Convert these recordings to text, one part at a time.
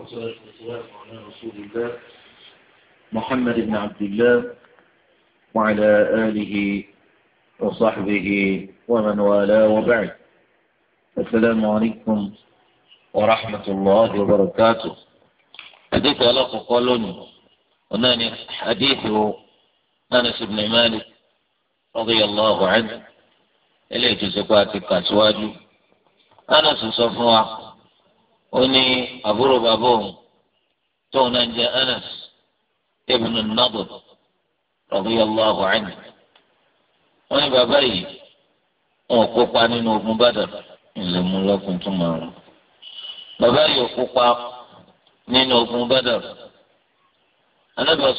والسلام على رسول الله محمد بن عبد الله وعلى آله وصحبه ومن والاه وبعد السلام عليكم ورحمة الله وبركاته حديث لك قولون وناني حديث أنس بن مالك رضي الله عنه إليه تزكواتك أسواجه أنس صفوه ó ní àbúrò bàbá òun tóun náà jẹ́ Anas ibn nnabu, nadr radiyallahu anhu wọ́n ní bàbá yi wọn ò nínú ogun Badr ńlẹ̀ mú lọ́kùn tó bàbá yìí nínú ogun Badr anábìá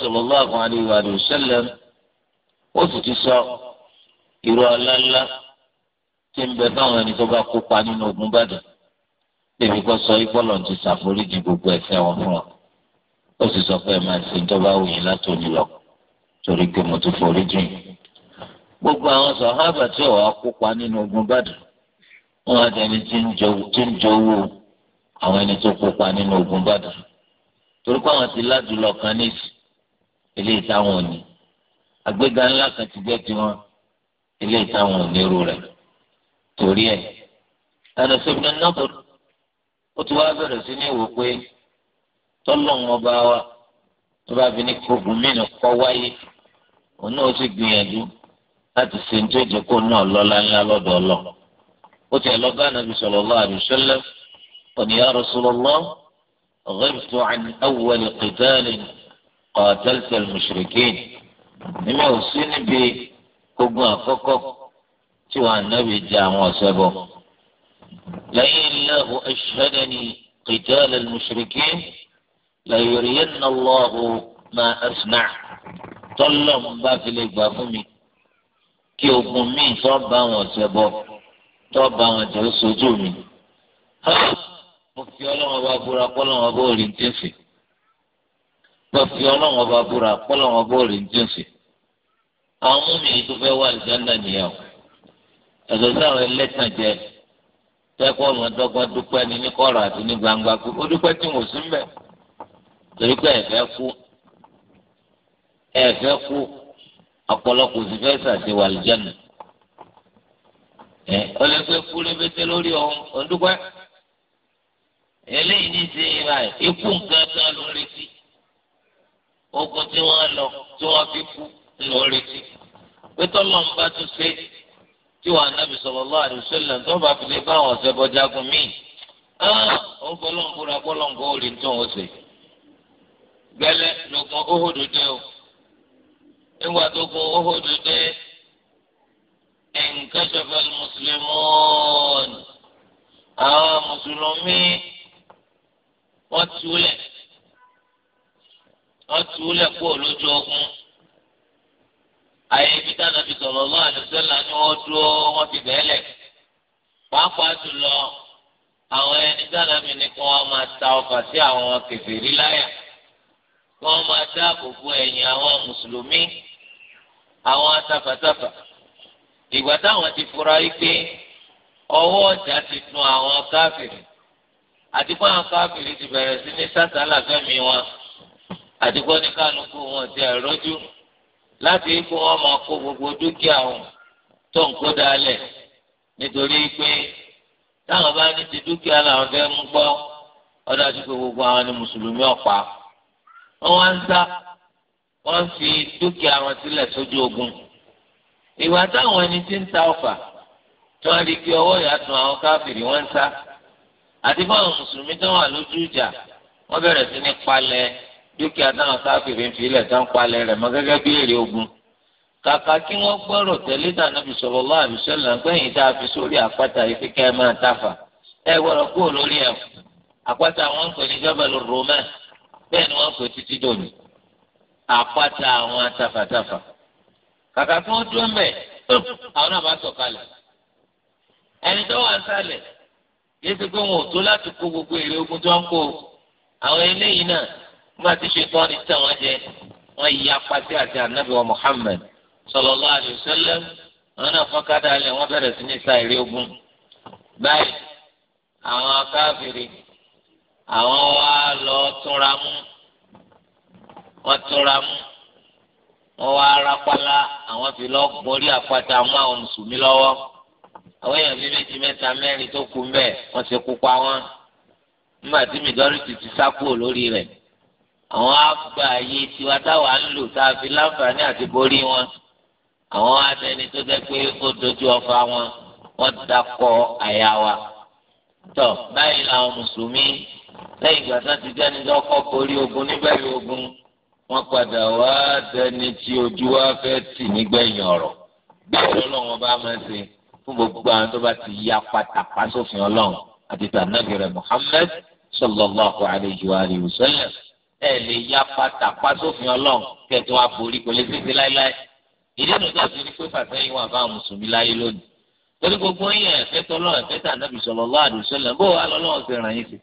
ti ogun lèmi kọ́ sọ yìí bọ́lọ̀ ti ṣàforíjì gbogbo ẹ̀ṣẹ̀ wọn fún ọ ó sì sọ pé ẹ máa ṣe ìjọba òyìn látòní lọ torí pé mo ti foríjì gbogbo àwọn sọ̀hábà tí ọ̀wá kópa nínú ogun Badr wọn á dẹni tí ń jowó àwọn ẹni tó kópa nínú ogun Badr torí pé àwọn ti ládùúlọ kan níìsì eléyìí táwọn ò àgbéga ńlá kan ti gbé tiwọn eléyìí táwọn ò ní irú torí ẹ̀ ẹnu fún mi náà bọ̀dọ̀ ó tún wá bẹ̀rẹ̀ sí ní wò pé tọ́lọ́hún ọba wa tó bá fi ní kógun mí kọ́ wáyé òun náà sì gbìyànjú láti ṣe ní tó jẹ́ kó náà lọ́lá ńlá lọ́dọ̀ ọlọ́ ó tiẹ̀ lọ bá nàbí sallallahu alaihi wasallam ya Rasulullah ghabtu an awwal qital qatalta al-mushrikin nígbà òsín níbi àkọ́kọ́ tí wọ́n ànábì jẹ àwọn ọ̀sẹ̀ bọ̀. لئن الله أشهدني قتال المشركين ليرين الله ما أصنع tọlọm bá fi lè gbà fún mi kí ogun míì tó bá wọn ṣẹbọ tó bá wọn jẹ sójú mi mo fi ọlọ́wọ́n bá búra pọ́lọ́wọ́n bó rí ní tẹ̀sí mo fi ọlọ́wọ́n bá búra pọ́lọ́wọ́n bó rí ní tẹ̀sí àwọn mímì tó fẹ́ wà lìjánà nìyẹn o ẹ̀sọ́ sáwọn ẹlẹ́tàn jẹ́ ẹ̀ tẹ́kọ̀ ọmọdọ́gbọ́n dúpẹ́ ní ní kọ̀rọ̀ àti ní gbangba pé ó dúpẹ́ tí mo sí mbẹ̀ torí pé ẹ̀fẹ́ kú ẹ̀fẹ́ kú ọ̀pọ̀lọpọ̀ sì fẹ́ sàti wà lìjẹ́nu ẹ̀ ó lè fẹ́ kú rébété lórí ọ̀hún ọ̀dúpẹ́ eléyìí ní ti ìhà ikú nǹkan kan ló ń retí ogun tí wọ́n lọ tí wọ́n fi kú ló ń retí pé tọ́lọ́mùbá tún ṣe é tí wàá nàbì sallallahu alaihi wasallam tó bá fi lè bá àwọn ọ̀sẹ̀ bọ́jágun míì ó gbọ́lọ́ǹkúra gbọ́lọ́ǹkú ó rí tó ń ṣe gbẹlẹ lógun óhòdò dé o nígbà tó gun óhòdò dé ẹnkẹsọfẹ mùsùlùmọ́ọ̀n àwọn mùsùlùmí wọ́n túlẹ̀ wọ́n túlẹ̀ kúrò lójú ogun ayé ibi dáná fi sọ̀rọ̀ lọ́wọ́ àdùsọ́là ni wọ́n dúró wọ́n fi bẹ́ẹ̀lẹ̀ pàápàá jùlọ àwọn ẹni dáná mi ni kí wọ́n máa ta ọfà sí àwọn kèfèrí láyà kí wọ́n máa dáàbò bo ẹ̀yìn àwọn mùsùlùmí àwọn atafàtafà ìgbà táwọn ti fura yìí pé ọwọ́ ọjà ti dun àwọn káfìrì àdìgbò àwọn káfìrì ti bẹ̀rẹ̀ sí ní sátálà fẹ́mi wọn àdìgbò ní kálukú wọn ti ẹ̀rọ́jú láti ikú wọn máa kó gbogbo dúkìá wọn tó ń kó dálẹ̀ nítorí pé táwọn bá ní ti dúkìá làwọn fẹ́ mú gbọ́ ọ̀dà tó pé gbogbo àwọn ni mùsùlùmí ọ̀pá wọn wá ń sá wọn fi dúkìá wọn sílẹ̀ sójú ogun ìwà táwọn ẹni tí ń ta ọfà tí wọn rí i ọwọ́ ìyàtọ̀ àwọn káfìrí wọn ń sá àti fáwọn mùsùlùmí tó wà lójú ìjà wọn bẹ̀rẹ̀ sí ní palẹ̀ dúkìá náà káfíìrì ń filẹ̀ tán palẹ̀ rẹ̀ mọ́ gẹ́gẹ́ bí èrè ogun kàkà kí wọ́n gbọ́rọ̀ tẹ́lẹ̀ Ànábì sallallahu alaihi wasallam gbẹ̀yìn tá a fi sórí àpáta yìí fi kẹ́ ẹ máa tàfà kúrò lórí ẹ̀ àpáta wọn pè ní bẹ́ẹ̀ ni wọ́n pè títí dòní àpáta àwọn kàkà kí wọ́n dúró àwọn nígbà tí ṣetán ní tàn wọ́n jẹ wọ́n yí apàtì àti ànábì wa Muhammad sallallahu alaihi wasallam wọ́n náà fọ́nkádà lẹ̀ wọ́n bẹ̀rẹ̀ sí ní sàìrí ogun báyìí àwọn akáfìrí àwọn wá lọ túnra mú wọ́n túnra mú wọ́n wá arápálá àwọn fi lọ borí àpáta mú àwọn mùsùlùmí lọ́wọ́ àwọn èèyàn bíi méjì mẹ́ta mẹ́rin tó kú mbẹ wọ́n ṣe kú pa wọ́n nígbà tí mìdọ́rìtì ti sá kúrò lórí rẹ̀ àwọn àgbà ayé tiwa táwa ń lò tá a fi láǹfààní àti borí wọn àwọn adẹni tó jẹ pé ó dojú ọfà wọn wọn dakọ àyà wa tọ báyìí làwọn mùsùlùmí lẹ́yìn ìgbà tó ti jẹ níjọ kọ borí ogun níbẹ̀rẹ̀ ogun wọn padà wá dẹni tí ojú wa fẹ́ tì nígbẹ̀yìn ọ̀rọ̀ bẹ́ẹ̀ lọ́lọ́run bá máa ṣe fún gbogbo àwọn tó bá ti ya pátápá sófin Ọlọ́run àti tànàbí rẹ̀ Muhammad sallallahu alayhi wa ẹ lè ya pata pasófin ọlọ́run kẹtù àforí kò lè fèsì láéláé ìdí ìlú jáde ní pé fàṣẹyìn wà fáwọn mùsùlùmí láyé lónìí torí gbogbo yín ẹ̀fẹ́ tọ́lọ́ ẹ̀fẹ́ tà nàbì sọ̀rọ̀ lọ́wọ́ àdùsọ́lẹ̀ bó wà lọ́lọ́wọ́ ti ràn yín sí.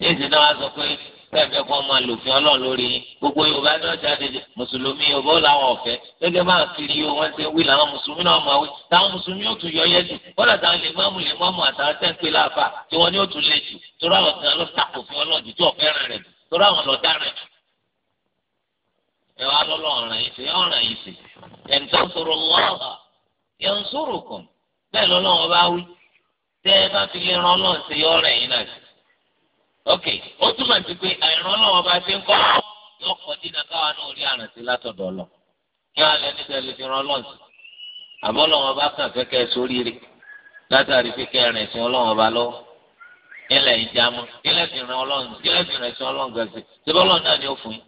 yéèsì náà wá sọ pé fẹ́ẹ̀fẹ́ kan máa lòfin ọlọ́run lórí yín gbogbo yorùbá náà jáde mùsùlùmí yorùbá làwọn ọ̀fẹ́ gẹ́gẹ́ bá kiri yóò wọ́n ti wí làwọn mùsùlùmí náà máa wí táwọn mùsùlùmí yóò tún yọ yẹ́sì kọ́dà táwọn lè mọ́mù lè mọ́mù àtàwọn tẹ́ ń pè láàfà tí wọ́n ní ó tún lè jù torí àwọn kan ló takò fún torí àwọn lọ dára jù ẹ wá lọ́lọ́ ọ̀ràn yìí sí ọ̀ràn yìí sí ẹ̀ǹ tó sọ̀rọ̀ lọ́wọ́ yẹn ń sọ̀rọ̀ kàn bẹ́ẹ̀ lọ́lọ́wọ́ bá wí tẹ́ ẹ bá fi lè ran ọlọ́run sí ọ̀ràn yìí náà sí. ok ó túmọ̀ sí pé àìrán ọlọ́wọ́ bá ti ń kọ́ lọ́kọ̀ dínà káwa náà rí àrántí látọ̀dọ̀ ọlọ kí wọ́n lẹ níta lè fi ran ọlọ́run sí àbọ̀ ọlọ́wọ́ bá kàn fẹ́ sóríire látàrí pé kẹ́ rìn ọlọ́wọ́ bá lọ́wọ́ ilẹ̀ ìjàmọ́ ilẹ̀ ìfìràn ọlọ́run ilẹ̀ ìfìràn ẹ̀sìn ọlọ́run gàdì ṣé bọ́lọ̀ náà ni ó fún yín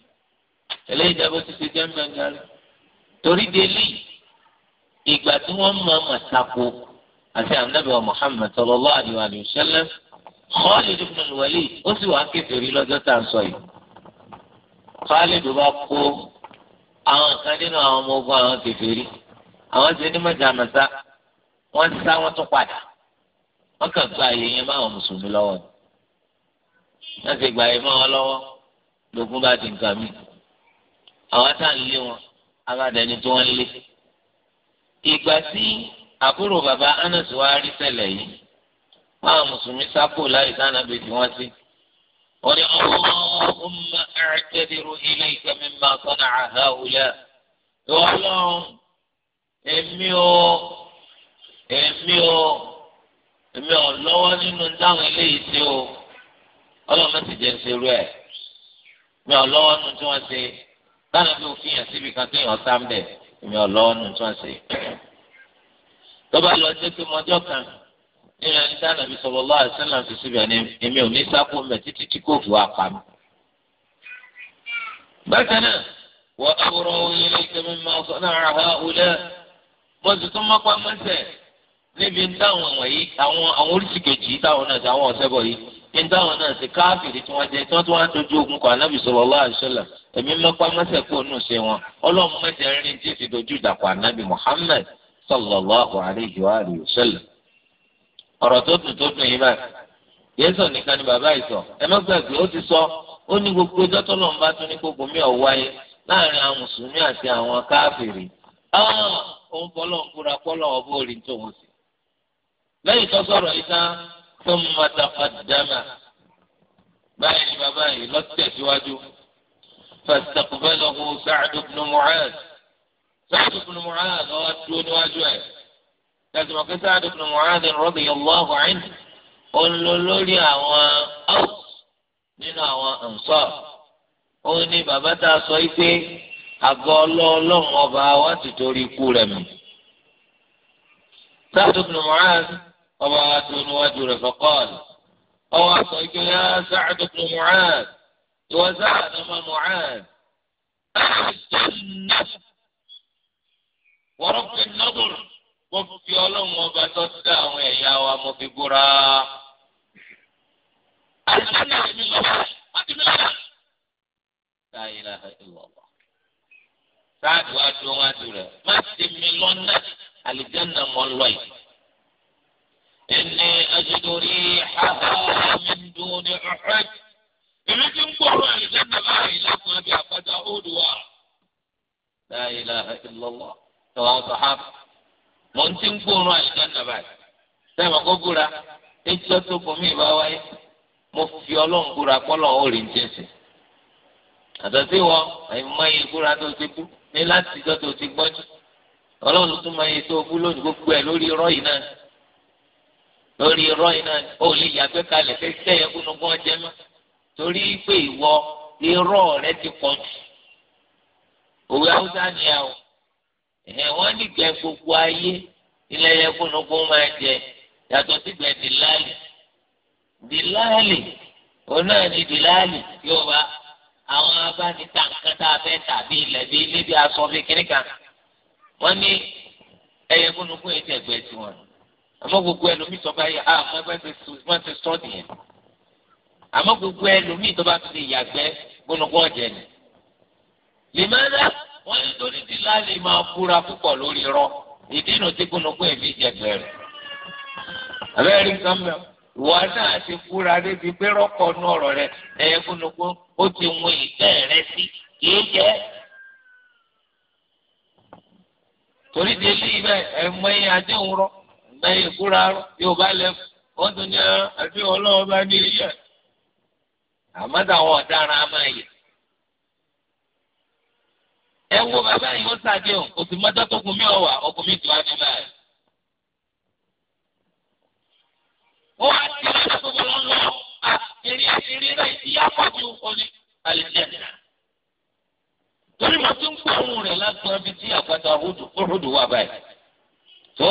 eléyìí jẹ́ bó ti ṣe jẹ́ mẹ́ngàrí torí délé ìgbà tí wọ́n mọ màtàkó àti ànábì Muhammad sallallahu alaihi wa sallam Khalid ibn al-Walid ó sì wàá kèfèrí lọ́jọ́ tá à ń sọ yìí Khalid bá kó àwọn kan nínú àwọn ọmọ ogun àwọn kèfèrí àwọn ti ní mọ̀jà mọ̀ta wọ́n ti sá wọ́n tún padà wọ́n kàn gba àyè yẹn máa wọn mùsùlùmí lọ́wọ́ ni wọ́n ti gba àyè máa wọn lọ́wọ́ lókun bá di nǹkan mi àwọn tá à ń lé wọn abádẹni tí wọ́n lé ìgbà tí àbúrò bàbá Anas wa rí ṣẹlẹ̀ yìí máa mùsùlùmí sápò láì sáà náà bèbí wọn sí wọ́n ní Allahumma a'tadiru ilayka mimma sana'a haula ìwọ Ọlọ́run èmi o èmi o èmi ò lọ́wọ́ nínú táwọn eléyìí ṣe o ọlọ́run ti jẹ́ ṣerú ẹ̀ mi ò lọ́wọ́ nínú tí wọ́n ṣe báyọ̀ bí òfin yẹn síbi kan kéèyàn sá ń bẹ̀ èmi ò lọ́wọ́ nínú tí wọ́n ṣe. tó bá lọ jẹ́ pé mọ́jọ́ kan nínú ẹni tí ànàbí sallallahu alaihi wasallam fi síbẹ̀ ni èmi ò ní sáko mẹ́ títí tí kò fi wá mi. bákan náà wọ́n awúrọ̀ oyin lè tẹ́mi níbi táwọn wọ̀nyí àwọn àwọn oríṣi kejì táwọn náà táwọn ọ̀sẹ́bọ̀ yìí ní táwọn náà ti káfíìrì tí wọ́n jẹ́ tí wọ́n tún wá ń dojú ogun kọ anábì sallallahu alaihi wasallam ẹ̀mí mẹ́pá mẹ́sẹ̀ kó nù ṣe wọn ọlọ́run mẹ́sẹ̀ ń rìn tí ti dojú ìdàpọ̀ anábì Muhammad sallallahu alaihi wa alihi wasallam. ọ̀rọ̀ tó dùn tó dùn yìí báyìí yéésù ni bàbá ìsọ ẹ má gbàgbé ó ti sọ ó ní gbogbo ọjọ́ tọ́lọ́run bá tún ní gbogbo mi ọ̀ wáyé láàrin àwọn mùsùlùmí àti àwọn lẹ́yìn tó sọ̀rọ̀ yìí tán tó mọ̀tàkà dàmà báyìí ni bàbá yìí lọ tẹ̀síwájú fàtàkùbẹ́lọ́hù sàcàdù bùnú mùcáàd sàcàdù bùnú mùcáàd ọ̀ dúró níwájú ẹ̀ láti mọ̀ pé sàcàdù bùnú mùcáàd rọ́bì yọ̀lọ́hù ẹ̀ olólórí àwọn áwùs nínú àwọn ànsọ́ ó ní bàbá tá a sọ yìí pé àgọ́ ọlọ́ọ̀lọ́ọ̀ ọba wa ti torí ikú rẹ̀ mọ̀ sàcàdù ọba wa tó níwájú rẹ̀ fọkọ́ọ̀lù ọwọ́ àtọ̀ ìjọ yá sáàdù tó mùcáàd ìwọ sáàdù ọmọ mùcáàd wọ́n fi nọ́bùrù mo fi ọlọ́run ọba tó ti dá àwọn ẹ̀yà wa mo fi búra. àtàlẹ́ mi lọ́wọ́ láti mi lọ́wọ́. sáàyè la fẹ́ lọ wá. sáàdù wa dùn wá dùn rẹ̀ má ti mi lọ́nà àlìjẹ́ nà mọ́ lọ́yìn. إني أجد ريحها من دون أحد èmi ti ń gbọ́rọ̀ àlùjáde báyìí lákùn àbí àpáta òdùwà. La ilaha illallah tọ́wọ́ sàhábà mọ̀ ń ti ń gbọ́rọ̀ àlùjáde báyìí. sẹ́wọ̀n kó búra ẹjọ́ tó bomi ìbá wáyé mo fi ọlọ́run búra pọ́lọ̀ òòrì ń jẹ́sẹ̀. àtọ̀tí wọ àìmọ iye búra tó ti bú ní tó ti lórí irọ́ iná ó lè yàgbẹ́ kalẹ̀ fẹ́fẹ́ yẹ kúnnugún ọjẹ́ mọ́ torí pé ìwọ irọ́ rẹ ti pọ̀ jù òwe haúsá ni ẹ o ẹ̀ wọ́n ní kẹ́ gbogbo ayé ilẹ̀ yẹ kúnnugún máa jẹ yàtọ̀ sígbẹ̀ dìláàlì dìláàlì òun náà ní dìláàlì yóò bá àwọn abánitá nǹkan tá a fẹ́ tàbí ilẹ̀ bí ilé bí aṣọ bí kíníkà wọ́n ní ẹyẹ kúnnugún yìí tẹ̀gbẹ́ tiwọn àmọ́ gbogbo ẹlòmíì tó bá yà á mọ ẹgbẹ́ wọn ti sọ nìyẹn àmọ́ gbogbo ẹlòmíì tó bá ti lè yàgbẹ́ gbólógbó ọ̀jẹ̀ ni. lèmọ́nà wọ́n ní torí ti láàlè máa fura púpọ̀ lórí rọ ìdí inú tí gbólógbó èmi jẹ bẹ̀rẹ̀. àbẹ́rẹ́ rí nǹkan mẹ́wàá ìwà náà ti fura débi pé rọ́kọ̀ nú ọ̀rọ̀ rẹ ẹ̀yẹ gbólógbó ó ti wọn ìtẹ́ rẹ sí kìí jẹ́ torí délé ibẹ̀ ẹ̀mọ́ ẹ̀yìn adéhùn rọ́ lẹ́yìn ìkúra yóò bá lẹ́fù wọ́n tún ní àbí ọlọ́run bá ní yẹ. àmọ́ táwọn ọ̀daràn á máa yẹ. ẹ wo bàbá yìí ó sàdé o kò sì mọ́tò tó kún mí ọ̀wà ọkùnrin tó wá ní báyìí. ó wá sí ọ̀dọ́ tó bọ̀ lọ́wọ́ àtẹ̀rí àtẹ̀rí rẹ̀ ti yá pọ̀jù òní àlejò torí mo ti ń gbọ́ ohun rẹ̀ lágbọ́n bíi tí àpáta òhùdù wà báyìí. tó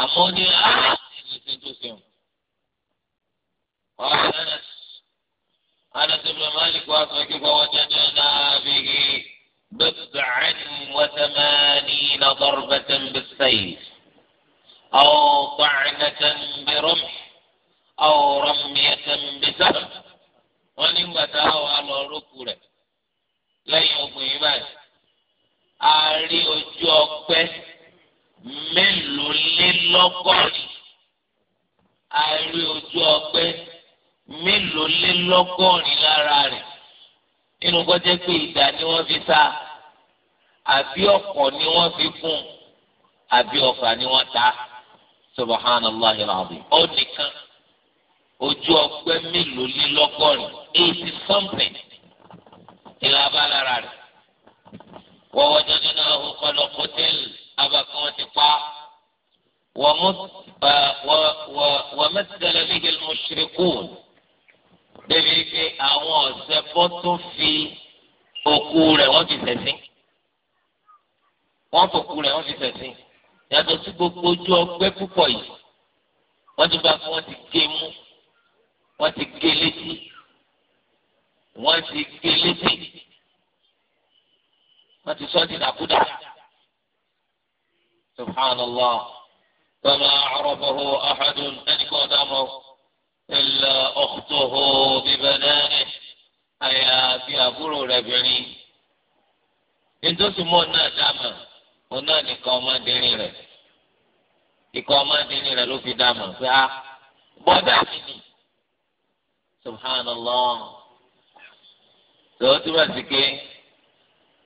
àmọ́ ní ẹ̀sìn tó ṣe wọn. ọ̀rọ̀ Anas Anas ibn Malik wà sọ kí wọ́n jẹ́jẹ́ náà bí i bẹ́ẹ̀ wọ́tẹ́mẹ́ni nàbọ̀rọ̀bẹ́tẹ́ ń bẹ sẹ́yìn. أو طعنة برمح أو رمية بسهم wọ́n nígbà tá لا wà lọ rókù rẹ̀ lẹ́yìn mélòólélọ́gọ́rin a rí ojú ọgbẹ́ mélòólélọ́gọ́rin lára rẹ̀ nínú kọjá pé ìdá ni wọ́n fi sá àbí ọ̀kọ̀ ni wọ́n fi fún àbí ọ̀fà ni wọ́n ta subhanallah alazim ó nìkan ojú ọgbẹ́ mélòólélọ́gọ́rin eighty something ìlà abá lára rẹ̀ wọ́wọ́ dandan náà ó kọ́ lọ kọ́tẹ́lì. أبقى تقع ومثل به المشركون débi pé àwọn ọ̀sẹ̀ bọ́ tó fi òkú rẹ̀ wọ́n fi sẹ̀sìn wọ́n fòkú rẹ̀ wọ́n fi sẹ̀sìn yàtọ̀ sí gbogbo ojú ọgbẹ́ púpọ̀ yìí wọ́n ti bá wọ́n ti gé mú wọ́n ti gé létí wọ́n ti gé létí wọ́n ti sọ́ọ́ ti dàkúdà. سبحان الله فما عرفه أحد أنك أدامه إلا أخته ببنانه أيا في أبو ربني إن تسمو النادامة هنا نقوم دينيره ikọ̀ ọmọdéni rẹ̀ ló fi dáàmú pé a ah, bọ́dà mi ni subhanallah tòun túmọ̀ sí pé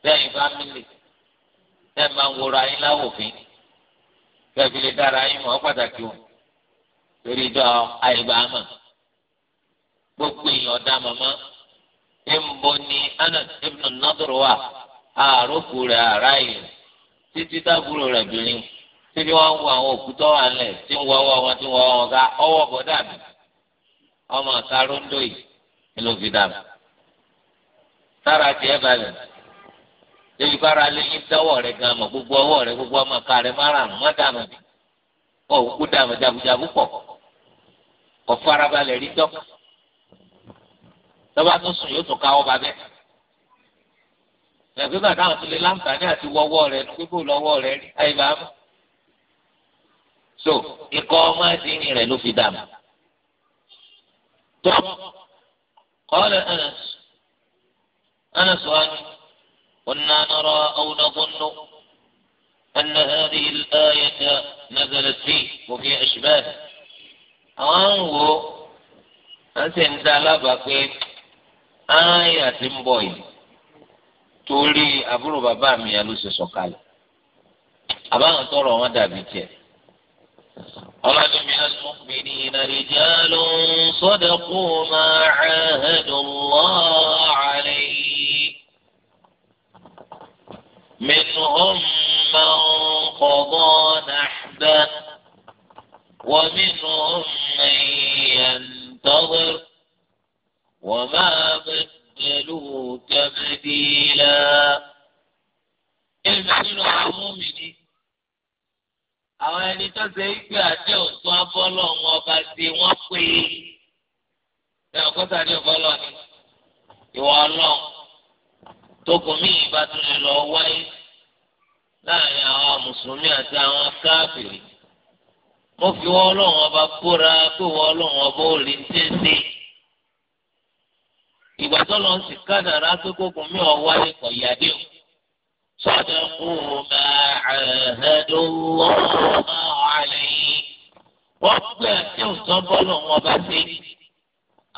bẹ́ẹ̀ fámìlì bẹ́ẹ̀ máa ń wòrò ayé láwòfin fẹ́ẹ́fì lè dára yín mọ̀ ọ́ pàtàkì o torí ìjọ àìbámà gbogbo èèyàn ọ̀dà màmá ẹ̀ǹbọ ni Anas ibn Nadir wà àròkù rẹ̀ àráyè títí tábúrò rẹ̀ bìnrin síbi wọn ń wo àwọn òkútọ́ wà lẹ̀ tí ń wọ́ wọn tí ń wọ́ wọn ká ọwọ́ bọ́ dàbí ọmọ ọ̀ta róńdó yìí ló fi dàbí sára tiẹ̀ balẹ̀ lẹ́yìn bára lẹ́yìn dáwọ́ rẹ̀ gan mọ̀ gbogbo ọwọ́ rẹ̀ gbogbo ọmọ ká rẹ̀ márùn-ún má dànù bí ọ̀ kú dànù jagunjagun pọ̀ kọ̀ farabalẹ̀ rí dọ́ tọ́ba tó sùn yóò tún káwọ́ ba bẹ́ẹ̀ ẹ̀gbẹ́ bàtà àwọn tó lè láǹfààní àti wọ́wọ́ rẹ̀ ní gbogbo lọ́wọ́ rẹ̀ rí àyíbá mọ́ so ikọ̀ ọmọ àdínì rẹ̀ ló fi dànù tọ́ kọ́ ọ́ lẹ́ Anas Anas wani. قلنا نرى أو نظن أن هذه الآية نزلت فيه وفي أشباهه أنه أنت أنت لا بقي آية بوي torí àbúrò bàbá mi yẹn ló ṣe sọ̀kalẹ̀ àbáwọn tọrọ wọn dàbí tiẹ̀ ọlọ́dún mi náà tún pè ní ìnàdíjà ló ń sọ́dọ̀ kó máa hàn ẹ̀dùn lọ́ọ́ منهم من قضى نحبه ومنهم من ينتظر وما بدلوا تبديلا المسلم المؤمن àwọn ẹni tó ṣe ìgbé àti òtún abọ́lọ̀ wọn ọba ṣe wọ́n pé ẹ̀ ọ̀kọ́ta ní ọ̀bọ́lọ̀ ni ìwọ ọlọ́run tókun míì bá tún lè lọ wáyé láàrin àwọn mùsùlùmí àti àwọn káfìrí mo fi wọ́n ọlọ́run ọba búra pé wọ́n ọlọ́run ọba ò rí tẹ́sí ìgbà tó lọ sí kádàrá pé kókun míì ọwọ́ kọ̀ yáde o sọ́dọ̀ kú ma àhẹ́dọ́ lọ́wọ́ àlẹ́ yìí wọ́n gbé àti òótọ́ bọ́ọ̀lù wọn bá ṣe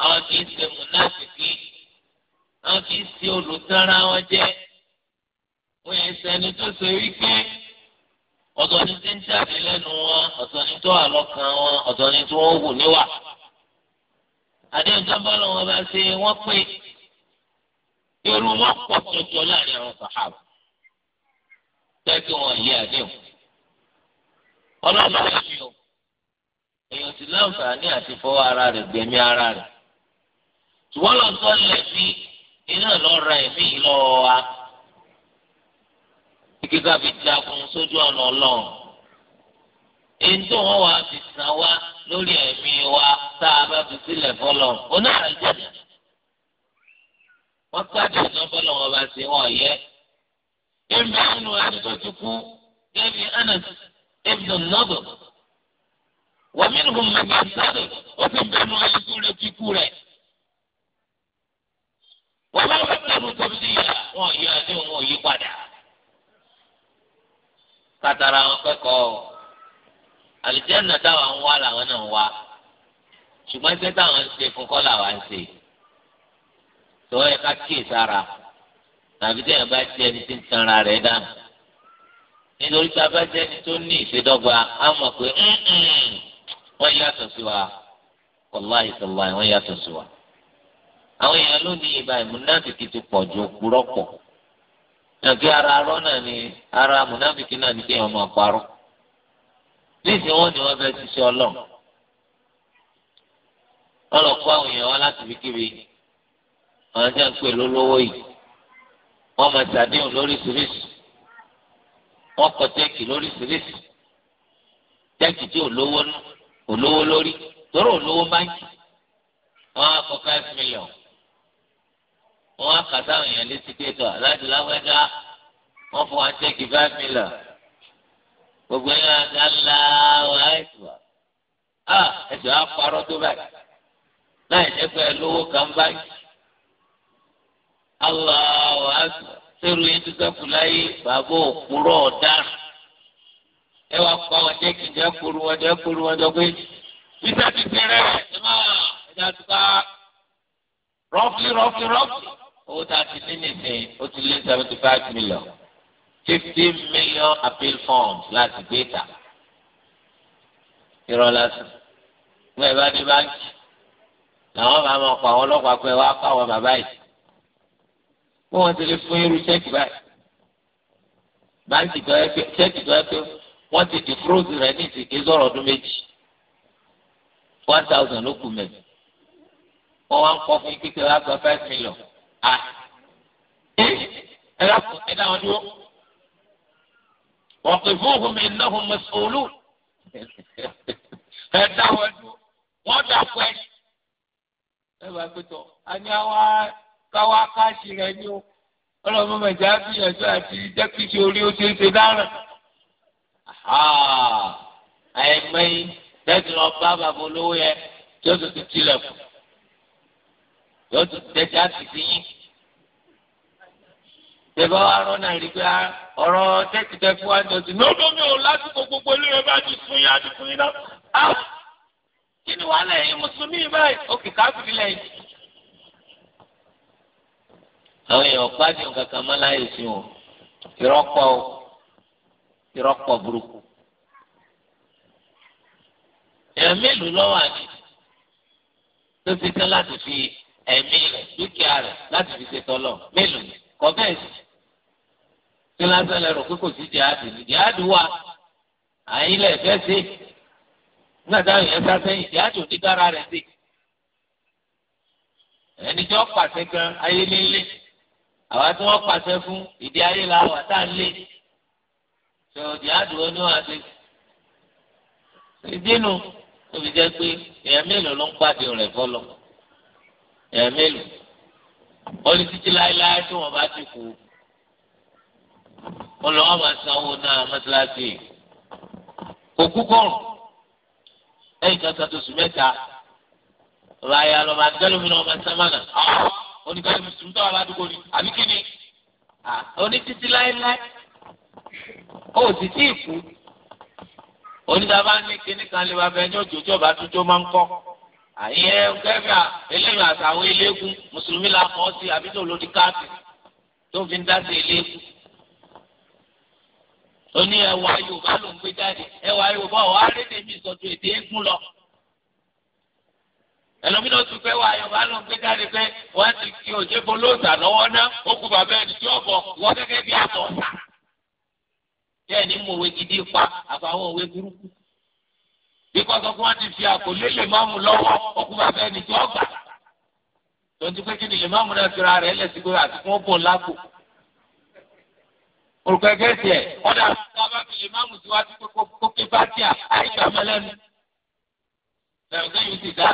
àwọn kì í ṣe mùnáfíkì wọn kì í ṣe olùtara wọn jẹ wọn yẹn sẹni tó ṣe wípé ọ̀tọ̀ ni tí ń jáde lẹ́nu wọn ọ̀tọ̀ ni tó wà lọ́kàn wọn ọ̀tọ̀ ni tí wọ́n wù níwà. àdéhùn sábà lọ́wọ́ bá ṣe wọ́n pé irú wọn pọ̀ jọjọ láàrin àwọn sàhábà tẹ́kí wọn yí àdéhùn. ọlọ́run ló ṣe o èèyàn sì láǹfààní àti fọwọ́ ara rẹ̀ gbẹ̀mí ara rẹ̀. ṣùgbọ́n lọ́sọ̀ọ́ lẹ́sìn iná lọ ra ẹ̀mí yìí lọ́wọ́ wa ike ká fi jagun sójú ọ̀nà ọlọ́run èyí tó wọ́n wá fi sàn wá lórí ẹ̀mí wa tá a bá fi sílẹ̀ fọlọ́ oná àjẹjẹ wọ́n gbájú ọ̀nà fọlọ́ wọn bá ṣe yẹ ẹ̀mí nínú ẹni tó ti kú gẹ́gẹ́ Anas ibn Nadr wọ́n mímu mẹ́gbẹ̀ẹ́ sáré ó fi bẹ́ẹ̀ mọ́ ẹni tó retí kú rẹ̀ wọ́n bá wọ́n bẹ̀rù kọ́bílì yà wọ́n yọ ẹni wọn yí padà. kátàrà àwọn kẹ́kọ̀ọ́ àlùjẹ́nà táwọn ń wá làwọn náà ń wá ṣùgbọ́n iṣẹ́ táwọn ń ṣe fún kọ́ làwọn ń ṣe. tó ẹ ká kíyè sára tàbí tẹ̀yìn bá jẹ́ ẹni tí ń tanra rẹ̀ dànù. nítorí tí a bá jẹ́ ẹni tó ní ìṣèdọ́gba á mọ̀ pé wọ́n yàtọ̀ sí wa wàláhì sọ̀rọ̀ wọ́n yàtọ̀ sí wa àwọn èèyàn lónìí ìbá ìmúnáfìkì ti pọ̀ ju òpùrọ̀ pọ̀ nàbí ara arọ́ náà ni ara múnáfìkì náà ni kéèyàn máa parọ́ níìsín wọn ni wọn fẹ́ ṣiṣẹ́ ọlọ́run wọn lọ kó àwọn èèyàn wá láti fi kíbi àwọn tí wọn pè lólówó yìí wọn máa ṣàdéhùn lóríṣiríṣi wọn kọ tẹ́ẹ̀kì lóríṣiríṣi tẹ́ẹ̀kì tí olówó lórí tóró olówó báńkì wọn á kọ five million wọ́n á kà sáwọn èèyàn létí pé tọ́ aláàjì lágbájá wọ́n fún wa ṣẹ́ẹ̀kì five million gbogbo yẹn àti aláwọ̀ àìsàn à ẹ̀sìn á parọ́ tó báyìí láì jẹ́ pé lówó kan báyìí aláwọ̀ àìsàn sẹ́rù yẹn tó sẹ́kù láyé bàbá òkúrọ̀ ọ̀daràn ẹ wá kọ́ àwọn ṣẹ́ẹ̀kì jẹ́ kúrú wọn jẹ́ kúrú wọn jọ pé bísí àti tẹ̀rẹ̀ ẹ̀ máa ẹ̀ dàtúkà rọ́fì rọ́fì rọ́fì owó tá a ti ní nìsín ó ti lé seventy five million fifteen million appeal forms láti gbé ta irọ́ lásán wọ́n ẹ̀ bá dé báńkì làwọn bá máa pa àwọn ọlọ́pàá pé wàá pa àwọn bàbá yìí bí wọ́n ti lè fún irú ṣẹ́ẹ̀kì báyìí báńkì tó ẹ pé ṣẹ́ẹ̀kì tó ẹ pé wọ́n ti di fúróòtù rẹ̀ ní ìsìnkí sọ̀rọ̀ ọdún méjì one thousand ló kù mẹ́rin wọ́n wá ń kọ́ fún kíkẹ́ wá gba five million à ah. ẹ dàpọ̀ ẹ dà wọn dúró wọ́n pè fún òhun mi náà hùn mẹ́sọ̀ọ́lù ẹ dà wọn dúró wọ́n dàpọ̀ ẹ. ẹ bá gbé tọ a ní àwa káwa káàṣì rẹ ní o ọlọ́mọ mẹ̀jẹ̀ á gbìyànjú àti jẹ́kìtì orí ó ṣe é ṣe dára. àìmọye bẹ́ẹ̀ ọba bàbá olówó yẹ tí ó tún ti tilẹ̀ fún yóò tún tẹ́tí àtìsí yín. Ìjọba wa rán náà rí pé ọ̀rọ̀ tẹ́tí tẹ fún wa jọ sí. Lọ́dọ̀ mi ò lásìkò gbogbo ilé rẹ̀ bá ti fún yín, á ti fún yín náà. Ah, kí ni wàá lẹ́yìn Mùsùlùmí báyìí? Òkè káfíìn lẹ́yìn. Àwọn èèyàn gbádùn kankan mọ́ láyé sí wọn. Ìrọ́pọ̀ ìrọ́pọ̀ burúkú. Èèyàn mélòó lọ́wọ́ àná? Tó fi tán láti fi ẹ̀mí rẹ̀ dúkìá rẹ̀ láti fi ṣe tọ́lọ̀ mélòó ni kọ́ bẹ́ẹ̀ sì. kí lásán lẹ rò pé kò sí jihadi ni jihadi wà àyín lẹ̀ fẹ́ ṣe nígbà táwọn èèyàn sá sẹ́yìn jihadi onígbára rẹ̀ ṣe. ẹni pàṣẹ gan ayé nílé àwa tí wọ́n pàṣẹ fún ìdí ayé la wà tá à ń lé. sọ jihadi wọn ni wọ́n ṣe. ìdí nu òbí jẹ́ pé èèyàn mélòó ló ń pàdé rẹ̀ fọlọ́ ẹ̀ẹ́mẹ́lò ó ní títí láéláé tí wọ́n bá ti kú ó lọ́wọ́ máa sanwó náà mọ́tíláṣí òkú kọ̀ọ̀rùn ẹ̀yìn kan sàtò sùn mẹ́ta ráyà lọ́ba tẹ́lómi náà máa sámánà oníkàlẹ́ mùsùlùmí tó wà ládùúgbò ni àbí kíni ó ní títí láéláé ó sì tí ì kú onídàá bá ní kíní kan lè wá bẹ ẹni òjòjò bá tún jó máa ń kọ́ àyè kẹfà eléyìí àtàwọn eléégún mùsùlùmí la kọ́ sí àbí tó lòdì káàtì tó fi ń dá sí eléégún. ó ní ẹwà yorùbá ló ń gbé jáde ẹwà yorùbá ọ̀ árédè mi sọ̀tún èdè eégún lọ. ẹlòmínà tún fẹ́ wà yorùbá ló ń gbé jáde pé wọ́n ti kí òjé bolóòtà lọ́wọ́ ná ó kú bàbá ẹni tí ọ̀bọ̀ wọ́n gẹ́gẹ́ bí àtọ̀ ọ̀tà. bẹ́ẹ̀ ni mo wé gidi pa àbáwọn òwe burúkú ikú ọ̀sán kí wọ́n ti fi àkòlé lè máa mú lọ́wọ́ ọkùnrin bàbá ẹni tí wọ́n gbà. tontí pé kí ni lè máa mú náà fira rẹ̀ lẹ́sìn pé àti fún ọ̀bùn lágbo. orúkọ ẹgbẹ́ tiẹ̀ ọ̀dà sábà fi lè máa mú síwájú pé kókè bá tíà àìgbà mẹ́lẹ́nu. lẹ́yìn yìí ti dá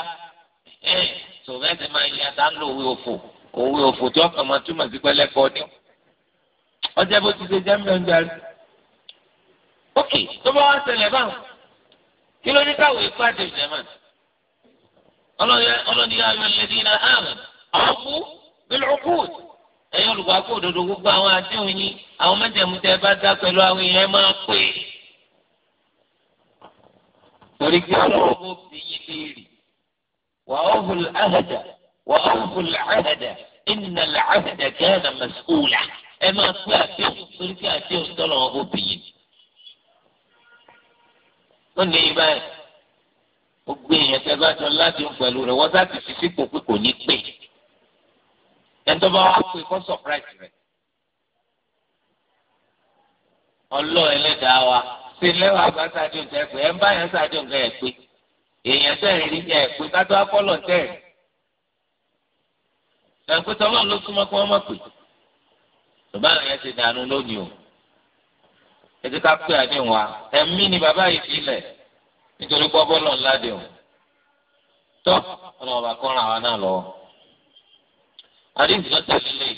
ẹ̀ sọ̀rẹ́sì máa yẹ àdánù òwe òfò òwe òfò tí ọkàn máa túmọ̀ sí pẹ́lẹ́kọ̀ọ́ ní. ọjọ́ bó ti ṣe jẹ́ mẹ́rin jẹ́ kí ló ní káwé pàdé jẹ̀mọ́ ọlọ́ni yá ayọ̀ lẹ́dí iná hàn ọ̀kú bílẹ̀ ọ̀kú ẹ̀yin olùgbàgbọ́ òdodo gbogbo àwọn àdéhùn yín àwọn mẹ́tẹ̀ẹ̀mú tẹ́ ẹ bá dá pẹ̀lú àwọn èèyàn máa pè é torí kí ọlọ́wọ́ bó fi yín léèrè wà á hùl àhàdà wà á hùl àhàdà ìnà làhàdà kẹ́hìnà mẹ́sùkúlà ẹ máa pè àdéhùn torí kí àdéhùn tọ́lọ́wọ́ bó fi yín léèrè lónìí yìí báyìí gbogbo èèyàn tẹ bá jọ láti ń pẹ̀lú rẹ̀ wọ́n sáà ti fi sípò pé kò ní pè ẹni tó bá wá pè kó sọ̀práìsì rẹ̀ ọlọ́ ẹlẹ́dàá wa ṣe lẹ́wọ̀ àgbà sáàdì òǹkà ẹ̀ pé ẹ̀ ń bá yẹn sáàdì òǹkà ẹ̀ pé èèyàn tẹ̀ rí ẹ̀ pé kátó akọ́lọ̀ tẹ̀ rí ẹ̀ pé tọ́lọ́ ló súnmọ́ kí wọ́n má pè bàbá yẹn ti dànù lónìí o ẹ ti ká pé àdéhùn wa ẹ̀mí ni bàbá yìí fi lẹ̀ nítorí pé ọbọ̀ náà ládéhùn tọ́ ọlọ́wọ́ bá kọ́ ràn wá náà lọ́wọ́. àdéhùn ló tẹ̀lé lé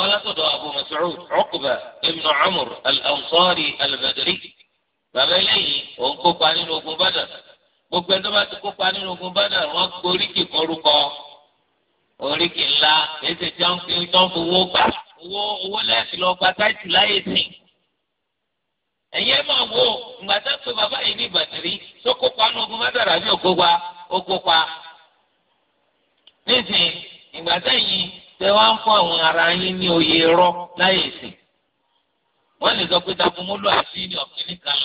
ọlọ́sọ̀dọ̀ Abu Mas'ud Uqba ibn Amr al-Ansari al-Badri bàbá eléyìí òun kópa nínú ogun Badr gbogbo ẹni tó bá ti kópa nínú ogun Badr wọn gboríkì kọrúkọ oríkì ńlá èsì tí wọn fi owó gbà owó owó lẹ́sìn lọ gba táìtì láyé sìn. enye ma wo ìgbà tá a bàbá yìí ní ìbàdìrí tó kópa ní ogun mẹ́tàlá bí òkópa ó kópa. nísìnyí ìgbà tá yìí tẹ wá ń àwọn ara yín ní oyè rọ láyè wọ́n lè sọ pé dagun àti ní ọ̀kìnní kan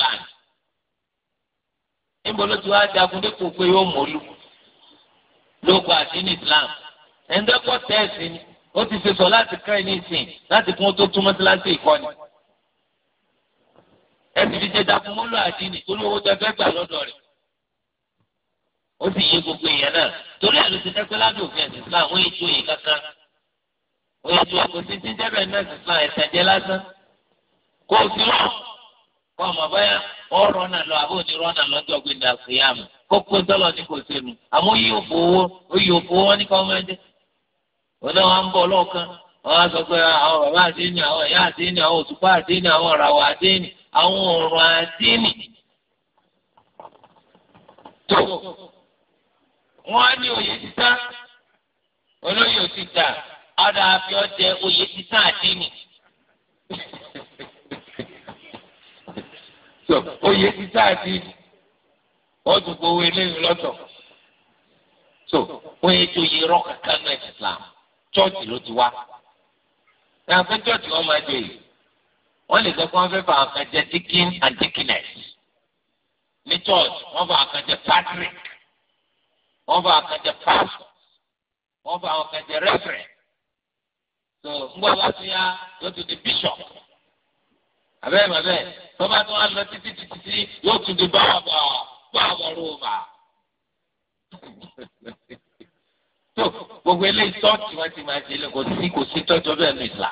níbo ló ti wá dagun dípò pé yóò lóko àti ní Islam. ẹ̀ńdẹ́kọ̀ ó ti sọ láti ẹsì fi ṣe takun mọ́lú àdínì olówó tó gbà lọdọ rẹ̀ ó sì yé gbogbo èèyàn náà torí àlọ́ ti dẹ́pẹ́ lábẹ́ òfin ẹ̀sìn Islam wọ́n yé ju òye kankan òye ju ọkọ̀ sí ti náà Islam lásán kó o sí lọ kó ọmọ báyà ọ rọ́nà lọ àbó ní rọ́nà lọ́jọ́ gbẹ̀dẹ̀ àfìyàmù kókó tọ́lọ ní kò owó wa ń àwọn ọ̀rọ̀ àdínì tó wọ́n á ní òye títà olóyè òtítà ọ̀dà àfihàn jẹ òye títà àdínì. so oyè ti wọ́n tún gbowó eléyìí lọ́tọ̀ so oyè tó yẹ rọ́ọ̀kì kánú ẹ̀ Islam chọ́ọ̀tì ló ti wá wọ́n lè sọ pé wọ́n fẹ́ fà kan jẹ dikin and dikines ní church wọ́n fà kan jẹ patrick wọ́n fà kan jẹ pastor wọ́n fà kan jẹ reverend so ńgbọ́ bá ti yá yóò tún di bishop abẹ́rẹ́ bàbẹ́ tọ́ba tó wà lọ títí títí tí yóò tún di báàbà báàbà roma tó gbogbo eléyìí tọ́ọ̀tì wọn ti máa ṣe lé kò sí kò sí tọ́jú ọbẹ̀ nù ìsìlá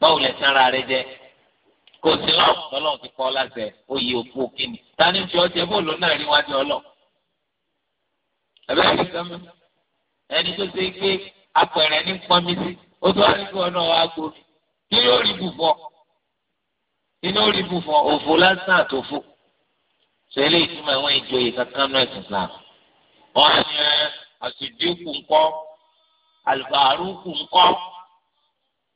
báwo lẹ̀ sanra rẹ jẹ́ kò sí lọ lọ́lọ́run ti kọ́ láṣẹ oyè òkú òkèèní tani fi ọjẹ bóòlù náà rí wájú ọlọ. ẹ̀bẹ̀ mi kàn mí ẹni tó ṣe pé apẹ̀rẹ̀ ní pọ́nmi sí ó tó wá ní kí ọ̀nà wa gbòmí kí ló rí bùfọ́ kí ló rí bùfọ́ òfò lásán àtòfò ṣe eléyìí túmọ̀ àwọn ìjòyè kankan náà ẹ̀sìn Islam wọ́n á ní àṣìdínkù ńkọ́ àlùbárùkù ńkọ́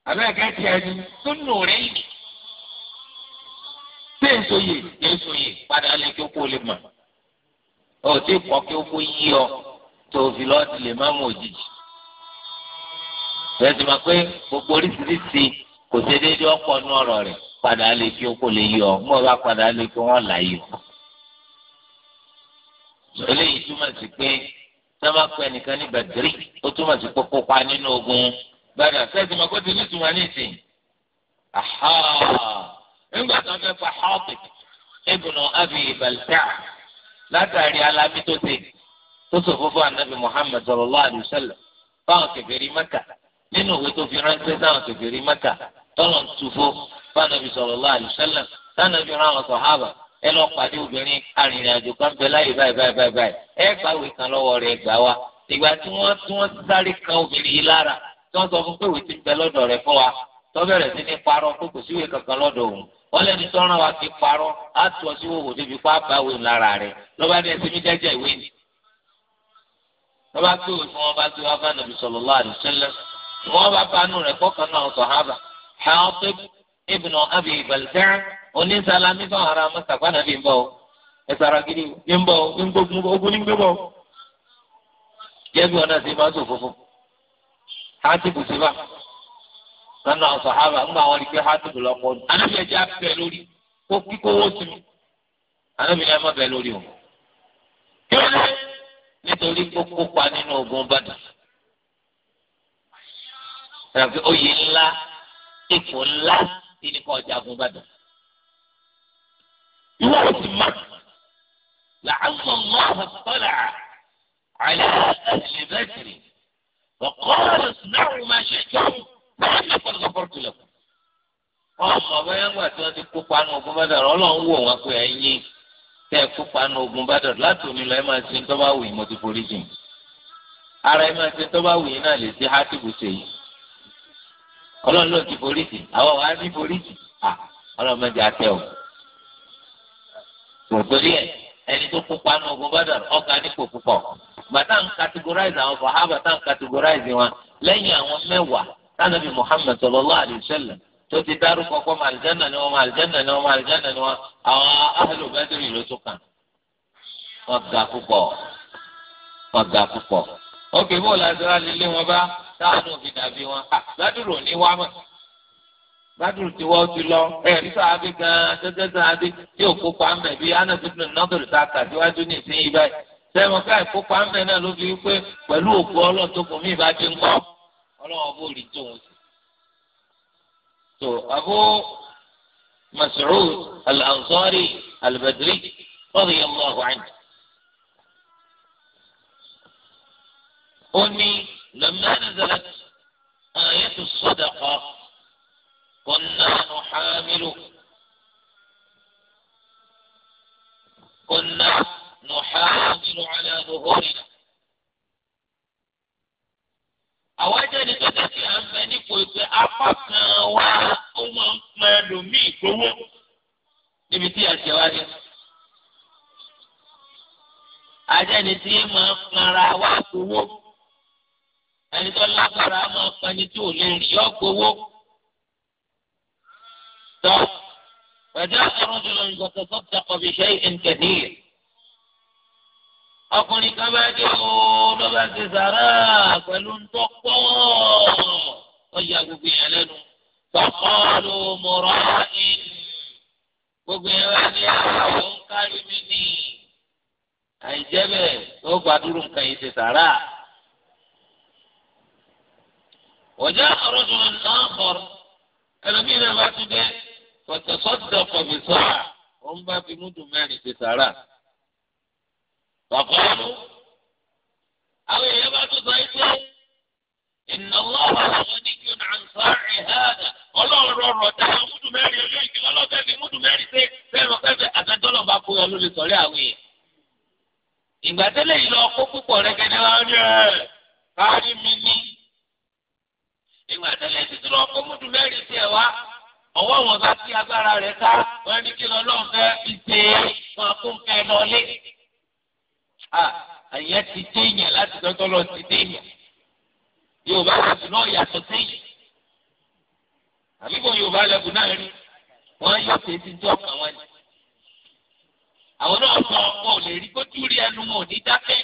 àbẹ́ẹ̀kẹ́ tiẹ̀ ní sunu rẹ̀ yìí ṣé èso yìí èso yìí padà lè kí ó kó lè mọ̀ ọ tí kọ́ kí ó kó yí ọ tó fi lọ́ọ́ ti lè má mú òjijì. bẹ́ẹ̀ ti máa pé gbogbo oríṣiríṣi kò ṣe déédéé ọ̀pọ̀ nú ọ̀rọ̀ rẹ̀ padà lè kí ó kó lè yí ọ mọ́ bá padà lè kí wọ́n là yí ọ. eléyìí túmọ̀ sí pé sábà pẹ́ nìkan ní bàdírì ó túmọ̀ sí kókó pa nínú ogun gbàdà fẹ́ẹ́ ti kó ti ní ìtumọ̀ ní ìsìn nígbà tó ń fẹ́ pa Hatib ibn Abi Balta'a látàrí alámi tó ti tó sòfófó ànábì Muhammad sallallahu alayhi wa sallam fáwọn kèfèrí Mẹ́kà nínú òwe tó fi ránṣẹ́ sáwọn kèfèrí Mẹ́kà tọ́lọ̀ ń tufó fáwọn ànábì sallallahu alayhi wa sallam táwọn ànábì rán àwọn sọ̀hábà ẹ lọ pàdé obìnrin arìnrìnàjò kan bẹ láyé báyìí báyìí báyìí báyìí ẹ gbàwé kan lọ́wọ́ rẹ̀ gbà wá ìgbà tí wọ́n tí wọ́n sáré kan obìnrin yìí lára tí wọ́n sọ fún pé òwe ti bẹ lọ́dọ̀ rẹ̀ fún wa tó sí ní parọ́ pé síwèé kankan lọ́dọ̀ òun wọ́n lẹ́ni tọ́ran wa ti parọ́ á tọ́ sí wòwò débi pa báwo lára rẹ̀ lọ́ba ní ẹsẹ̀ mi jẹ́jẹ́ ìwé ni. lọ́ba pé òun wọn bá gbé wá bá nàbì sallallahu alaihi wasallam wọ́n bá banú rẹ̀ kọ́kàn náà sàhábà Hatib ibn Abi Balta'a onísàlámí fún ara mọ́sàkpá nàbì ń bọ̀ ẹ̀sàrà gidi ń bọ̀ ń gbógun ogun ní ọ̀nà sí ma sọ fúnfún sọ́nà sọ̀hábà ńgbà wọn ni pé hátùbù lọ́kọ́ ni anábì ẹja bẹ lórí kó kíkó owó sí mi anábì ẹ má bẹ lórí o kí ló dé nítorí kó kópa nínú ogun bàdà ẹ̀rọ oyè ńlá ipò ńlá ìní kan ọjà ogun bàdà ìwọ ò sì má làánù ọlọ́hùn tọ́lá àlẹ́ ẹ̀sìn bẹ́tìrì ọ̀kọ́ ọ̀rọ̀ náà wọ́n máa ṣe jọ́wọ́. lọ́pọ̀lọpọ̀ ọmọ bẹ́ẹ̀ ńgbà tí wọ́n ti kópa ní ogun bá ọlọ́run wò wọ́n pé ẹ̀yin tẹ́ ẹ kópa ní ogun bá láti òní lọ ẹ máa ṣe tó bá wù yín ara ẹ máa ṣe tó bá wù yín náà lè ṣe hátìbù ṣe yìí ọlọ́run ló ti ní ọlọ́run mẹ́jọ o tòtòrí ẹ ẹni tó kópa ní ogun ọkà nípò púpọ̀ bàtà ń categorize àwọn ń sanabi muhammed sallallahu alayhi wa sallam tó ti dárúkọ kọ́ máa aljanna ni wọ́n máa aljanna ni wọ́n máa aljanna ni wọ́n àwọn ahlu badri ló tún kàn wọ́n ga púpọ̀ wọ́n ga púpọ̀ ok bó o láti rà lílé wọn bá táwọn òfin dàbí wọn gbàdúrò ní wá mọ̀ gbàdúrò tí wọ́n ti lọ ẹ̀rí sàábì gan-an tẹ́tẹ́ tí ò kópa ń bẹ̀ bí anabidun nọ́dọ̀rì tá a kà síwájú ní báyìí sẹ́wọ̀n ká ìkópa ń bẹ̀ náà ló fi wípé pẹ̀lú òkú ọlọ́tọ́kùnmí ìbá ń kọ́. ọlọ́wọ́ bó rí wọn sí. tó abó Mas'ud al-Ansari al-Badri lọ́wọ́ àwọn anhu. ó ní lamma nazalat ayatu sadaqa kunna nuhamilu. كنا نحاول على ظهورنا àwa jẹ́ ní tọ́jà tí a ń bẹ nípò ìpè apá kan wá ó máa ń pọn ẹlòmíì gbowó níbi tí àṣẹ wa dé. ajẹ́ni tí máa ń pọnra wá gbowó ẹni tó lágbára máa pọn ẹni tí lè rí ọ́ gbowó. tọ́ pẹ̀lú àtọ́rọ́jọ́ lọ́yìn gbọ́dọ̀ tó dàpọ̀ bí ṣe é ń tẹ̀lé yẹn ọkùnrin kan bá dé o ló bá ti sàrà pẹ̀lú ntọ́pọ̀ ọ̀yà gbogbo yẹn lẹ́nu tọ́kọ́lù mọ̀rọ́ ìn gbogbo yẹn wá ní àwọn ń kárí mi nì àìjẹ́ bẹ́ẹ̀ ó gbàdúrò nǹkan yìí ti sàrà. wọ́jà ọ̀rọ̀ tó ń lọ́ ọ̀rọ̀ ẹlòmíín náà bá tún dé kọ̀tọ̀sọ́tọ̀ kọ̀mísọ́ra ó ń bá fi múdù ti sàrà wàkọ́ọ̀lù àwọn èèyàn bá tó sọ ẹgbẹ́ ìnáwó àwọn ọ̀díjú náà ń sáré hàdà ọlọ́run rọrọ̀ dá múdù mẹ́rin olóyìn kí ọlọ́fẹ́ fi múdù mẹ́rin ṣe fẹ́ràn fẹ́fẹ́ àtẹ́tọ́lọ́ bá kó ọ lórí sọ̀rí àwọn èèyàn. ìgbà tẹ́lẹ̀ yìí lọ kó púpọ̀ rẹ gẹ́gẹ́ wá rí ẹ̀ kárí mi ní. ìgbà tẹ́lẹ̀ ti tún lọ kó múdù mẹ́rin ṣe ẹ̀ ọwọ́ à àyẹ̀ ti déyàn láti tọ́tọ́ lọ ti déyàn yorùbá lẹ́bùn náà yàtọ̀ séyìn àbíkò yorùbá lẹ́bùn náà rí wọ́n yọ tètè tó ọkàn wọn ni àwọn náà sọ wọn ò lè rí kójú rí ẹnu wọn ò ní dákẹ́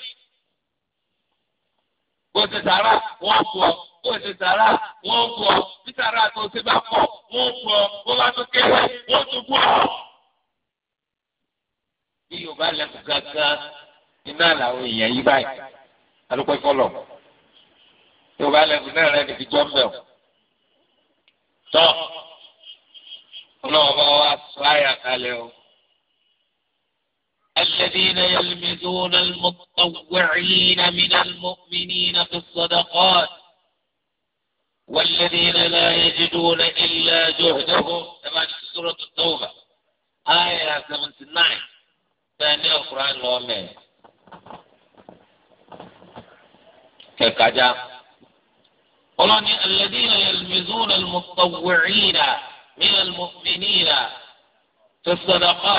bó ṣe sàrà wọn kú ọ bó ṣe sàrà wọn kú ọ bí sàrà tó ṣe bá kọ wọn kú ọ bó bá tó kéré wọn tó kú ọ. bí yorùbá lẹ́bùn gángan iná làwọn èèyàn yí báyìí alùpùpù fọlọ o bá lẹ́gùn náà rẹ̀ nìfi jọ́ mbẹ́ o tọ́ ọlọ́wọ́ bá wa sọ àyà kalẹ̀ o. الذين يلمزون المتطوعين من المؤمنين في الصدقات والذين لا يجدون إلا جهدهم كما في سورة التوبة آية 79 ثانية القرآن الأمين kẹkàjá ọlọ́ni alẹ́dínà yẹlmizúnà mùtọ̀wẹ̀rìnà mìíràn mùmìnira tó sọ̀dọ̀kọ́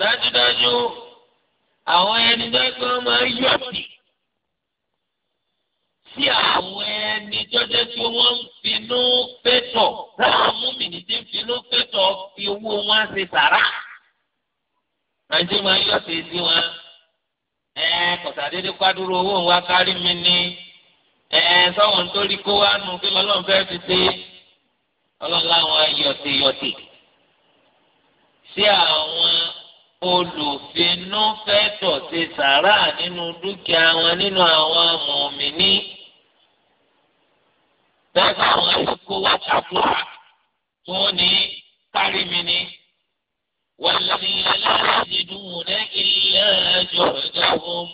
dájúdájú àwọn ẹni tó ẹgbẹ́ wọn máa yọ̀ sí sí àwọn ẹni jọjẹ tí wọn ń finú pẹtọ láwọn múmìnì tí ń finú pẹtọ fi owó wọn ṣe sàrà àti máa yọ sí wọn ẹ kọ̀tà dédé kwádúró owó ń wá kárí mi ní ẹ sọ́wọ́n nítorí kó wá nu kí lọ́lọ́run fẹ́ fi ṣe ọlọ́run láwọn yọ̀tìyọ̀tì sí àwọn olùfinúfẹ́tọ̀ ṣe sàrà nínú dúkìá wọn nínú àwọn mọ̀mìnì bẹ́ẹ̀ bá àwọn ẹ̀ṣin kó wá ṣàkóso wọn ní kárí mi ní. والذين لا يجدون إلا جهدهم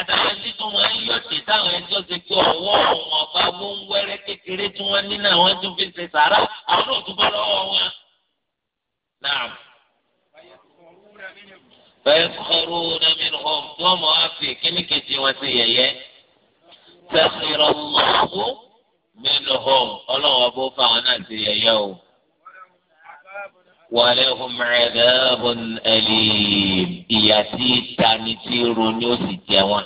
àtàlẹ́sìtún wọn yóò ti táwọn ẹjọ́ ti kí ọwọ́ wọn bá mú wẹ́rẹ́ kékeré tí wọ́n ní náà wọ́n tún fi ṣe sàrà àwọn náà tún bọ́ lọ́wọ́ wọn. Naam. Bẹ́ẹ̀ kọ́rú Nàmínú hàn tí wọ́n mọ̀ á fi kíní kejì wọn sí yẹ̀yẹ́. Sẹ́fìrọ̀ mọ̀ ọ́ mínú hàn ọlọ́wọ́ bó fáwọn náà sí yẹ̀yẹ́ o. ولهم عذاب أليم ìyà tí tani tí ronú ó sì jẹ wọ́n.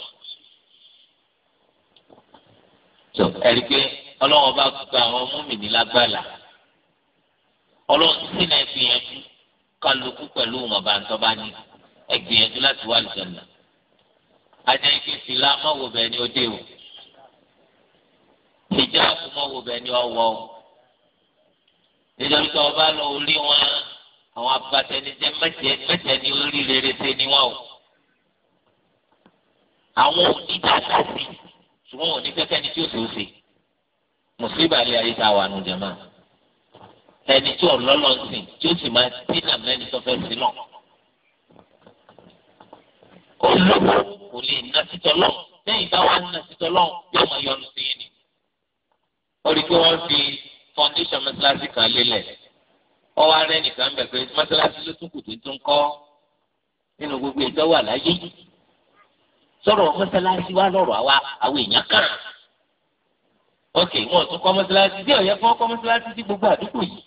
tó ẹ̀rí pé ọlọ́wọ́n bá gba àwọn múmìnì lágbàlá ọlọ́run sì náà gbìyànjú kálukú pẹ̀lú wọn bá ń tọ́ba ní ẹ gbìyànjú láti wá àlùjànnà. ajá ike fìlà mọ́wò bẹ́ẹ̀ ni ó dé o ìjà àbúmọ́wò bẹ́ẹ̀ ni ó wọ̀ o nítorí tó o bá lọ orí wọn àwọn abatẹnijẹ mẹtẹ ni orí rere ṣe ni wọn o àwọn onídàáta sí ṣùgbọ́n òní kẹ́kẹ́ ni tí ó sòó ṣe mùsùlùmí àlẹ́ ayé tá a wà nù jẹ̀mọ́ ẹni tí ọlọ́lọ́ ń sìn tí ó sì máa dínà mẹ́ni tó fẹ́ sí náà olówó kò lè ná títọ́ lọ́wọ́ lẹ́yìn bá wà ná títọ́ lọ́wọ́ yóò máa yọnu sí yín ni. ó rí i pé wọ́n fi foundation mẹ́sàlásì kan lélẹ̀ ọwọ́ arẹ nìkan bẹ̀ pé mọ́sálásí ló tún kù tó tún kọ́ nínú gbogbo ìtọ́ wà láyé sọ̀rọ̀ mọ́sálásí wa lọ́rọ̀ àwa àwọn èèyàn kàn ok wọn ò tún kọ́ mọ́sálásí bí ọ̀yẹ́ fún ọkọ́ mọ́sálásí sí gbogbo àdúgbò yìí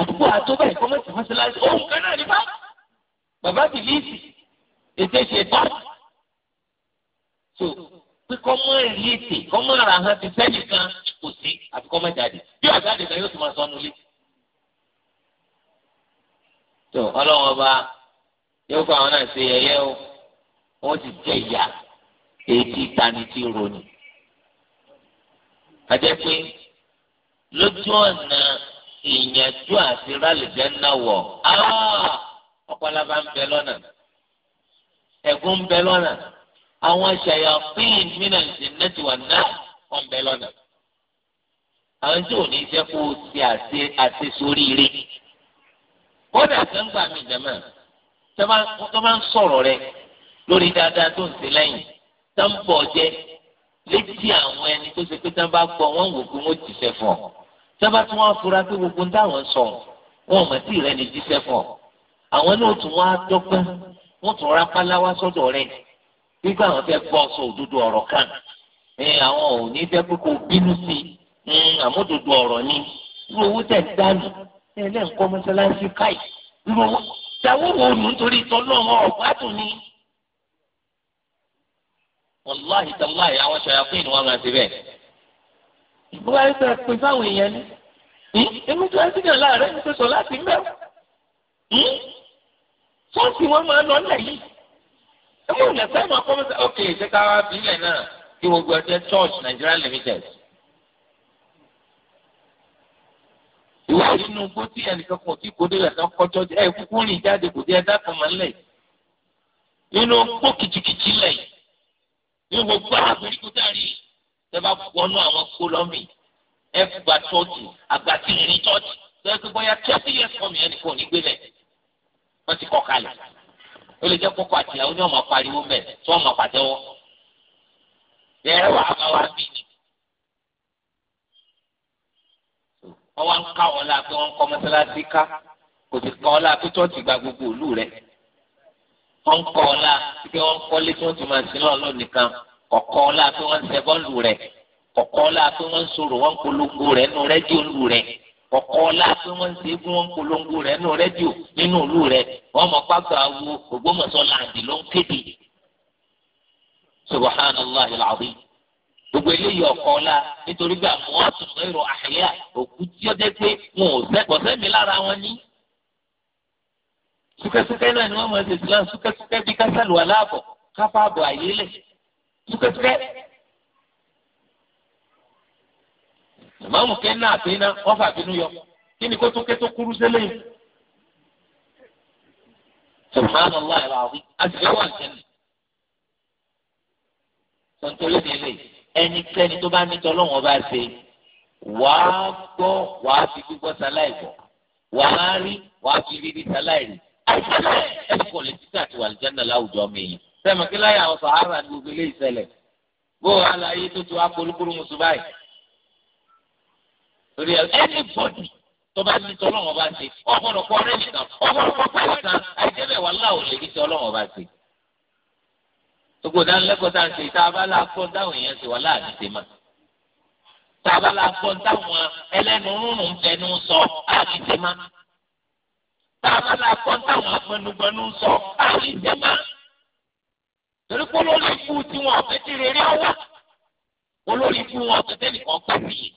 àdúgbò àtọ́gbà ìkọ́mọ́sí mọ́sálásí òun kan náà nípa bàbá bìlíìsì ètè ṣe bá so pé kọ́ mọ́ èyí ètè kọ́ mọ́ ara hàn ti sẹ́yìn kan kò sí àti kọ́ mọ́ jáde bí ọ̀jáde kan yóò tún máa sọ ọ́nulẹ̀ tó ọlọ́wọ́ bá yóò fún àwọn náà ṣe yẹyẹ o wọ́n ti jẹ ìyá èyí tani tí roni. àjẹ́ pé lójú ọ̀nà ìyànjú àti rálẹ̀jẹ̀ náà wọ̀ ah, ọ̀pọ̀lọpọ̀ bá ń bẹ lọ́nà ẹ̀gún ń bẹ lọ́nà àwọn ṣẹ̀yà pín mìíràn nẹ́tìwà náà wọ́n ń bẹ lọ́nà àwọn tí ò ní jẹ́ kó o ṣe àṣe àṣe sórí ire kódà gbangba mi jama tó bá ń sọ̀rọ̀ rẹ lórí dáadáa tó ń ṣe lẹ́yìn tó ń bọ̀ jẹ́ létí àwọn ẹni tó ṣe pé tó bá gbọ́ wọ́n wò pé wọ́n jíṣẹ́ fún ọ tó bá tún wọ́n fura pé gbogbo ń táwọn sọ wọn mọ̀ tí rẹ ní jíṣẹ́ fún ọ àwọn náà tún wá dọ́gbọ́n wọ́n tún rápálá wá sọ́dọ̀ rẹ nígbà àwọn fẹ́ gbọ́ sọ òdodo ọ̀rọ̀ kan ẹ àwọn ò ní fẹ́ pé kó bínú sí i ọ̀rọ̀ ni irú owó tẹ̀ dánù ilé nǹkan mọ́sálásí káì irú owó ìyàwó wo nù nítorí tọ́lọ́wọ́ ọ̀gbádùn ni. wàláhì tàláhì àwọn ṣọ̀yà pé ìnú wa máa ṣe bẹ́ẹ̀. ìgbọ́wá yìí fẹ́ pin fáwọn èèyàn ni èmi tó ẹ́ sí náà láàárẹ̀ mi tó sọ láti mẹ́wọ̀. sọ́ọ̀sì wọn máa lọ nílẹ̀ yìí. ẹ mú ìlẹ̀ sẹ́yìn máa kọ́ mọ́sálásí. ok ṣé ká wá bí ilẹ̀ náà kí gbogbo ẹgbẹ́ church Nigeria limited ìwà nínú igbó tí ẹnìkan kan tí kò délẹ̀ kan kọjọ́ ẹ kúkú rìn jáde kò dé ẹ dákun mọ́ lẹ̀ nínú igbó kìtìkìtì lẹ̀ ní gbogbo àbúrò dárí ẹ bá wọnú àwọn kólọ́mì ẹ gba tọ́jú àgbàtì rìn tọ́jú lọ́wọ́ bóyá twenty years from yẹn nìkan ò ní gbé lẹ̀ wọ́n ti kọ́ kalẹ̀ ó lè jẹ́ kókó àtìyàwó ní ọmọ pariwo bẹ́ẹ̀ tí wọ́n mọ̀ pàtẹ́wọ́ ẹ̀rẹ́ wàá bá wa bí ni. wọ́n wá ń ká wọn láà pé wọ́n ń kọ́ mọ́sálásí ká kò sì kọ́ láà pé tọ́ọ̀tì gba gbogbo òlú rẹ̀ wọ́n ń kọ́ ọ láà pé wọ́n ń kọ́lé tí wọ́n ti máa sin lọ́ọ̀lọ́ nìkan kọ̀kọ́ láà pé wọ́n ń ṣẹ bọ́ọ̀lù rẹ̀ kọ̀kọ́ láà pé wọ́n ń sọ̀rọ̀ wọ́n ń polongo rẹ̀ nù rẹ́díò lù rẹ̀ kọ̀kọ́ la pé wọ́n ń según wọn polongo rẹ̀ nínú rédíò nínú ìlú rẹ̀ wọ́n mọ̀ pàgbà wo Ògbómọ̀ṣọ́ làǹdì ló ń kéde subahana allah alazim gbogbo eléyìí ọ̀kan la nítorí pé àwọn àtúntò èrò àyà òkú tí ó jẹ́ pé wọn ò sẹ́kọ̀ọ́ sẹ́mi lára wọn ní. súkẹ́súkẹ́ náà ni wọ́n mọ̀ ẹ̀sẹ̀ sílá súkẹ́súkẹ́ bí kásálù aláàbọ̀ káfáàbọ̀ àyélẹ̀ súkẹ́súkẹ́. ìmáàmù kẹ́ńdà àtẹ́ná wọ́n fàbínú yọ kí ni kó tó kẹ́tọ́ kúrú sílẹ̀ yìí. subhanallah alazim àti ìwọ́n àti ẹ̀nì. sọ̀ntòlódé eléyìí ẹnikẹ́ni tó bá ní tọ́lọ́wọ́n bá ṣe wàá gbọ́ wàá fi gbígbọ́ sáláì gbọ́ wàá rí wàá fi rírí sáláì rí àìsílẹ̀ ẹ̀kọ́ lè títà àti wàlìjánà láwùjọ mi yìí sẹ́mi kí láyà àwọn sàhárà ní gbogbo ilé ìṣẹ̀lẹ̀ bó o aláyé tó tu akólúkúrú mùsùlùmí báyìí torí ẹnibọ́dì tó bá ní tọ́lọ́wọ́n bá ṣe ọ̀pọ̀lọpọ̀ rẹ̀ nìkan ọ̀pọ̀lọpọ̀ pẹ̀lú kan àìjẹ́bẹ̀ wàhálà ò lè rí tọ́lọ́wọ́n gbogbo ìdánilẹ́kọ̀ọ́ tá à ń ṣe tá a bá la gbọ́ táwọn èèyàn ṣe wà láàbí ṣe mà tá a bá la gbọ́ táwọn ẹlẹ́nu rúnrún fẹnu sọ láàbí ṣe mà tá a bá la gbọ́ táwọn agbẹnugbẹnu sọ láàbí ṣe mà torí pé olórí ikú tí wọn ọ̀fẹ́ ti rere ọwọ́ olórí ikú wọn ọ̀fẹ́ tẹ́lẹ̀ kan pẹ́ sí i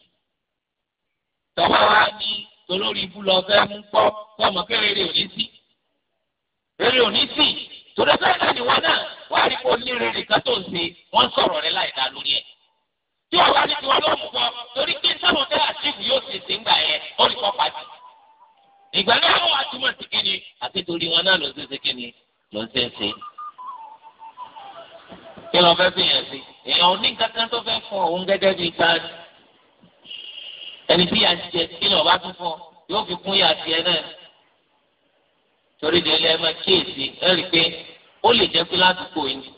tọ́wọ́ wa ní olórí ikú lọ fẹ́ mú pọ́ fọ́ọ̀mù kéré rè ò sí rè ò sí torí pé ẹ̀ka náà wàá rí kó ní rere kan tó ń ṣe wọ́n ń sọ̀rọ̀ rẹ láì dá lórí ẹ̀. tí wọ́n wá ní tiwọn ló mú bọ́ torí pé sábà fẹ́ àtìkù yóò ṣe ṣe ń gbà yẹn ó rí kọ́ pàtì. ìgbà náà wọ́n wá túmọ̀ sí kíni àti torí wọn náà ló ń ṣe kíni ló ń ṣe kí ló fẹ́ fi yẹn sí èèyàn ní kankan tó fẹ́ fún òun gẹ́gẹ́ bíi kan ẹni tí yà ń jẹ kí ló bá tún fún yóò fi kún yà tiẹ̀ náà ẹ máa kíyèsí ó lè jẹ́ pé ládùúgbò yìí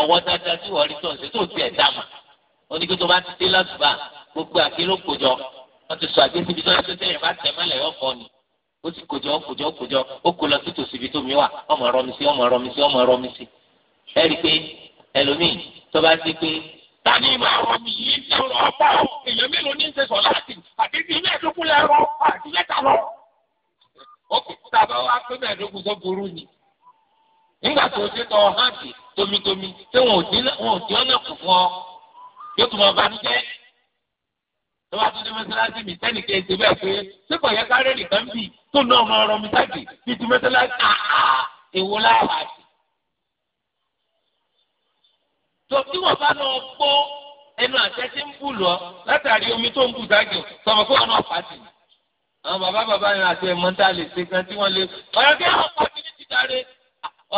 ọwọ́ dáadáa tí wọ́n rí tó ń ṣe tó tiẹ̀ dáàmà onígbé tó bá ti dé ládùúgbà gbogbo àkérò kòjọ wọ́n ti sọ àgbésí ibi tó ń ṣe tẹ́yìn bá tẹ̀ mọ́lẹ̀ ọkọ ni ó sì kòjọ kòjọ kòjọ ó kó lọ sí tòsí ibi tó mi wà ọmọ ọ̀rọ̀ mi sí ọmọ ọ̀rọ̀ mi sí ọmọ ọ̀rọ̀ mi sí ẹ rí i pé ẹlòmíì tó bá ti pé tani máa rọ mi yìí lọ́rọ̀ ọ̀pọ̀ èèyàn mélòó ní í ṣe sọ láti àbí bí ilé ẹ̀dógún lẹ́rọ àti lẹ́ta lọ. ó kò tá a wá pé mẹ́ẹ̀ẹ́dógún tó burú ni nígbà tó ṣe tọ hàǹdì tómitómi ṣé wọn ò dín ọ̀nà kù fún ọ yóò tún máa banújẹ́ tó bá tún dé mọ́sálásí mi sẹ́nìkẹ́ ṣe bẹ́ẹ̀ pé ṣé kò yẹ kárẹ́ nìkan bì tó ná ọmọ ọrọ̀ mi sáàkì bíi ti mọ́sálásí àhà èwo láwà sí. tó tí wọ́n bá lọ gbọ́ ẹnu àṣẹ tí ń bù lọ látàrí omi tó ń bù sáàkì sọmọ kó ọ̀nà ọ̀pá sí àwọn bàbá bàbá yẹn àti ẹ̀mọ́ lè ṣe kan tí wọ́n lè ọ̀rọ̀ kí wọ́n pa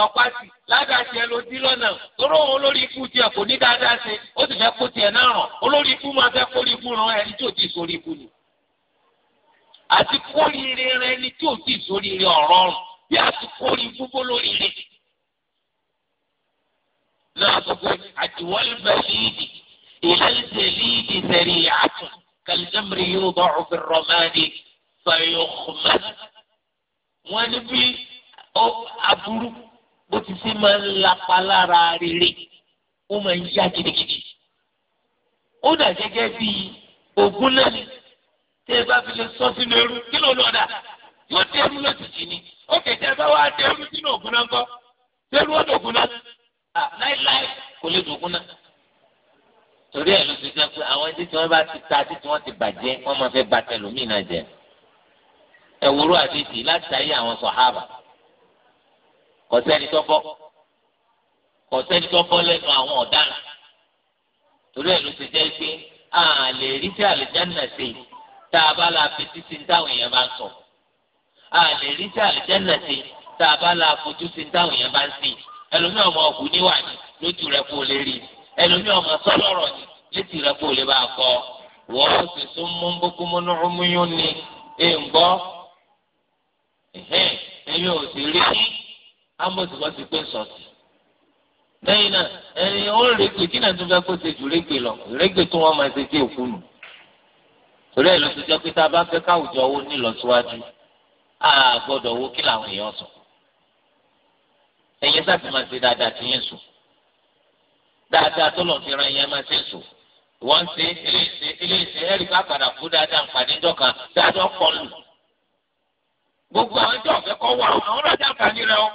ọ̀pá-tì ládàásì ẹ ló dín lọ́nà tóró olórí ikú tiẹ̀ kò ní dáadáa ṣe ó sì fẹ́ kó tiẹ̀ náà ràn olórí ikú máa fẹ́ kó ikú ràn ẹni tí ò tí sórí ikú ni. àti kórìíre rẹ ẹni tí ò tí sórí rẹ ọ̀rọ̀ ọ̀rùn bí àti kórìí gbogbo lórí rẹ. náà sọ pé àdìwọ́lì bẹ ìlẹ́lẹ́sẹ̀ líìdì sẹ̀rí àtún kàlídẹ́mìrì yóò bá òfin rọ̀mánì fàyọ̀kùnmẹ́ bó ti ṣe máa ń lapa lára rere ó máa ń yá gidigidi ó dà gẹ́gẹ́ bí ògùn náà ni tẹ́ ẹ bá fi lè sọ sínú ẹrú kí ló lọ́ọ́ dà yóò dẹrú lójijì ni ó kẹ̀kẹ́ bá wá dẹrú sínú ògùn náà kọ́ dẹrú ó dògùn náà láíláí kò lè dògùn náà torí ẹ̀ ló ti jẹ́ pé àwọn ẹni tí wọ́n bá ti ta títí wọ́n ti bàjẹ́ wọ́n máa fẹ́ ba tẹlómìnà jẹ ẹ̀wòrú àdéhìí láti ayé àwọn sọ̀hábà kò sẹ́ni tó bọ́ kò sẹ́ni tó bọ́ lẹ́nu àwọn ọ̀daràn torí ẹ̀ ló ti jẹ́ pé a lè rí tí àlùjánnà ṣe tá a bá la fi títí táwọn èèyàn bá ń sọ a lè rí tí àlùjánnà ṣe tá a bá la fojú sí táwọn èèyàn bá ń sè ẹlòmíràn ọmọ ọkùnrin níwájú lójú rẹ kó lè rí ẹlòmíràn ọmọ sọlọ́rọ̀ ni létí rẹ kó lè bá a kọ́ wọ́n sì tún mú gbogbo mọ́nú ọmọ yóò ẹ̀ ń gbọ́ ẹ̀yìn ò sì rí amos wọn ti pé sọọsì lẹ́yìn náà ẹni ó rẹgbẹ kí náà tún fẹ́ kó ṣe jù rẹgbẹ lọ rẹgbẹ tó wọn máa ṣe sí òkú nù torí ẹ̀ ló ti jẹ́ pé tá a bá fẹ́ káwùjọ owó nílọsíwájú a gbọ́dọ̀ owó kí làwọn èèyàn sọ ẹ̀yin sáà ti máa ṣe dáadáa tí yẹn sùn dáadáa tó lọ fi ran ẹ̀yin máa ṣe sùn wọ́n ṣe iléeṣẹ́ iléeṣẹ́ ẹ̀rí ká padà kú dáadáa nǹkan níjọ́ kan dáadáa gbogbo àwọn ìjọ ọ̀fẹ́ kọ́ wà àwọn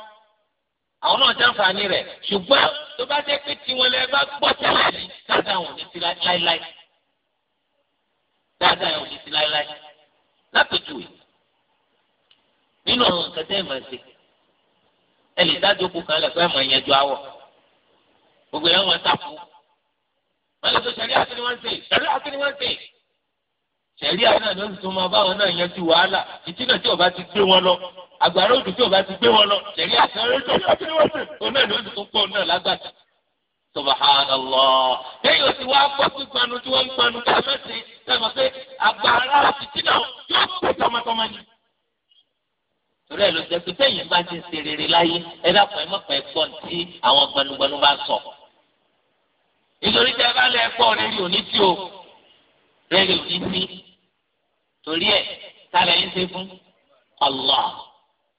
àwọn náà jàǹfààní rẹ̀ ṣùgbọ́n tó bá jẹ́ pé tiwọn lẹ bá gbọ́ tẹ́lẹ̀ ní dáadáa wọn ò ní sí láéláé dáadáa wọn ò ní sí láéláé lápèjúwe nínú àwọn nǹkan tẹ́ ẹ̀ máa ṣe ẹ lè dájú okùn kan lẹ̀ fún ẹ̀ máa yanjú awọ gbogbo ẹ̀ wọ́n takú wọ́n lè sọ sẹ́rí àti ni wọ́n ń ṣe sẹ́rí àti ni wọ́n ń ṣe sẹ̀rí àwọn náà ni ó sì tún máa báwọn náà yanjú wàhálà ìtìnà tí ọba ti gbé wọn lọ àgbàrá òdù tí ọba ti gbé wọn lọ sẹ̀rí àtàrà òdù tí ọba ti gbé wọn lọ òun náà ni ó sì tún pọ̀ náà lágbàtà. subhanallah lẹ́yìn òsì wa gbọ́ sí gbanu tí wọ́n ń gbanu ká mẹ́sì sẹ́wọ̀n pé àgbàrá àti tìǹà yóò pè tọmọtọmọ ni. torí ẹ̀ ló jẹ́ pé tẹ́yìn bá ti ṣe rere láyé ẹ dákun ẹ mọ̀pẹ́ gbọ́ tí àwọn gbanugbanu bá sọ. nítorí tẹ́ bá lẹ́ gbọ́ rẹ́rì òní tí o rẹ́rì òní tí torí ẹ̀ tálẹ̀ ń ṣe fún Allah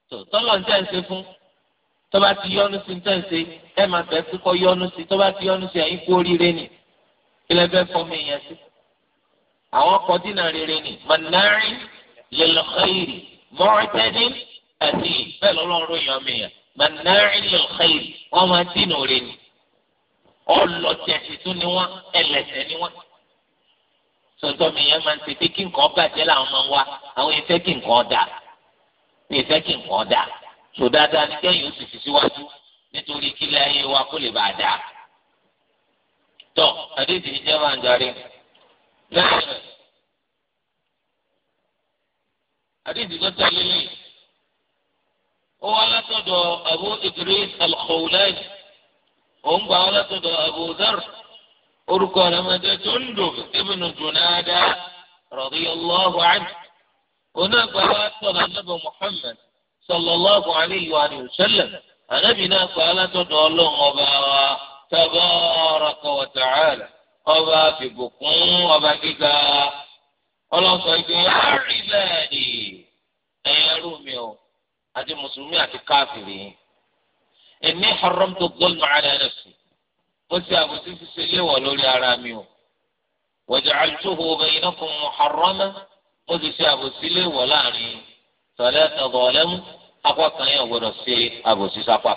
tó tọ́lọ̀ ń tẹ̀ ń ṣe fún tó bá ti yọ́nu sí ń tẹ̀ ń ṣe ẹ̀ máa fẹ́ sí kọ́ yọ́nu sí tó bá ti yọ́nu sí ẹ̀yìn kú oríire nì kílẹ̀ fẹ́ fọmọ èèyàn sí. àwọn kọ dínà rere nì mọ̀nárì lil khairi àti bẹ́ẹ̀ lọ́lọ́run yọ̀ mí yàn mọ̀nárì lil wọ́n máa dínà rere nì ọlọ́tẹ̀ tuntun ni wọ́n ẹlẹ́sẹ̀ ni wọ́n sọtọ́ mi yẹn máa ń ṣe pé kí nǹkan bàjẹ́ làwọn máa ń wá àwọn ìfẹ́ kí nǹkan dà ìfẹ́ kí nǹkan dà sọ dáadáa ní kẹ́yìn ó sì fi síwájú nítorí kí lẹ́yìn wa kó lè bá a dà. tọ́ àdéhùn ìjẹ́ máa ń darí lẹ́yìn rẹ̀ àdéhùn tó tẹ̀lé ó wá látọ̀dọ̀ Abu Idris al-Khawlani ó ń gbà látọ̀dọ̀ Abu Dharr orúkọ rẹ̀ máa jẹ́ Jundub ibn Junada radiyallahu anhu oní àgbàlá sọ̀rọ̀ anábọ̀ Muhammad sallallahu alayhi wa sallam anábì náà pa alátọ̀dọ̀ ọlọ́run ọba wa tabaraka wa ta'ala ọba fìbùkún ọba gíga ọlọ́sọ̀ ìgbé àárí bẹ́ẹ̀ ni ẹ̀yẹ́rú mi o àti mùsùlùmí àti káfìrí inni haramtu dhulma ala nafsi ó ṣe àbòsí ṣíṣe léwọ̀ lórí ara mi o waja'altuhu baynakum muharrama ó ti ṣe àbòsí léwọ̀ láàrin tọ̀lẹ́ tọ̀gọ̀ọ́lẹ́mú apá kan yẹn gbọ́dọ̀ ṣe àbòsí sápá.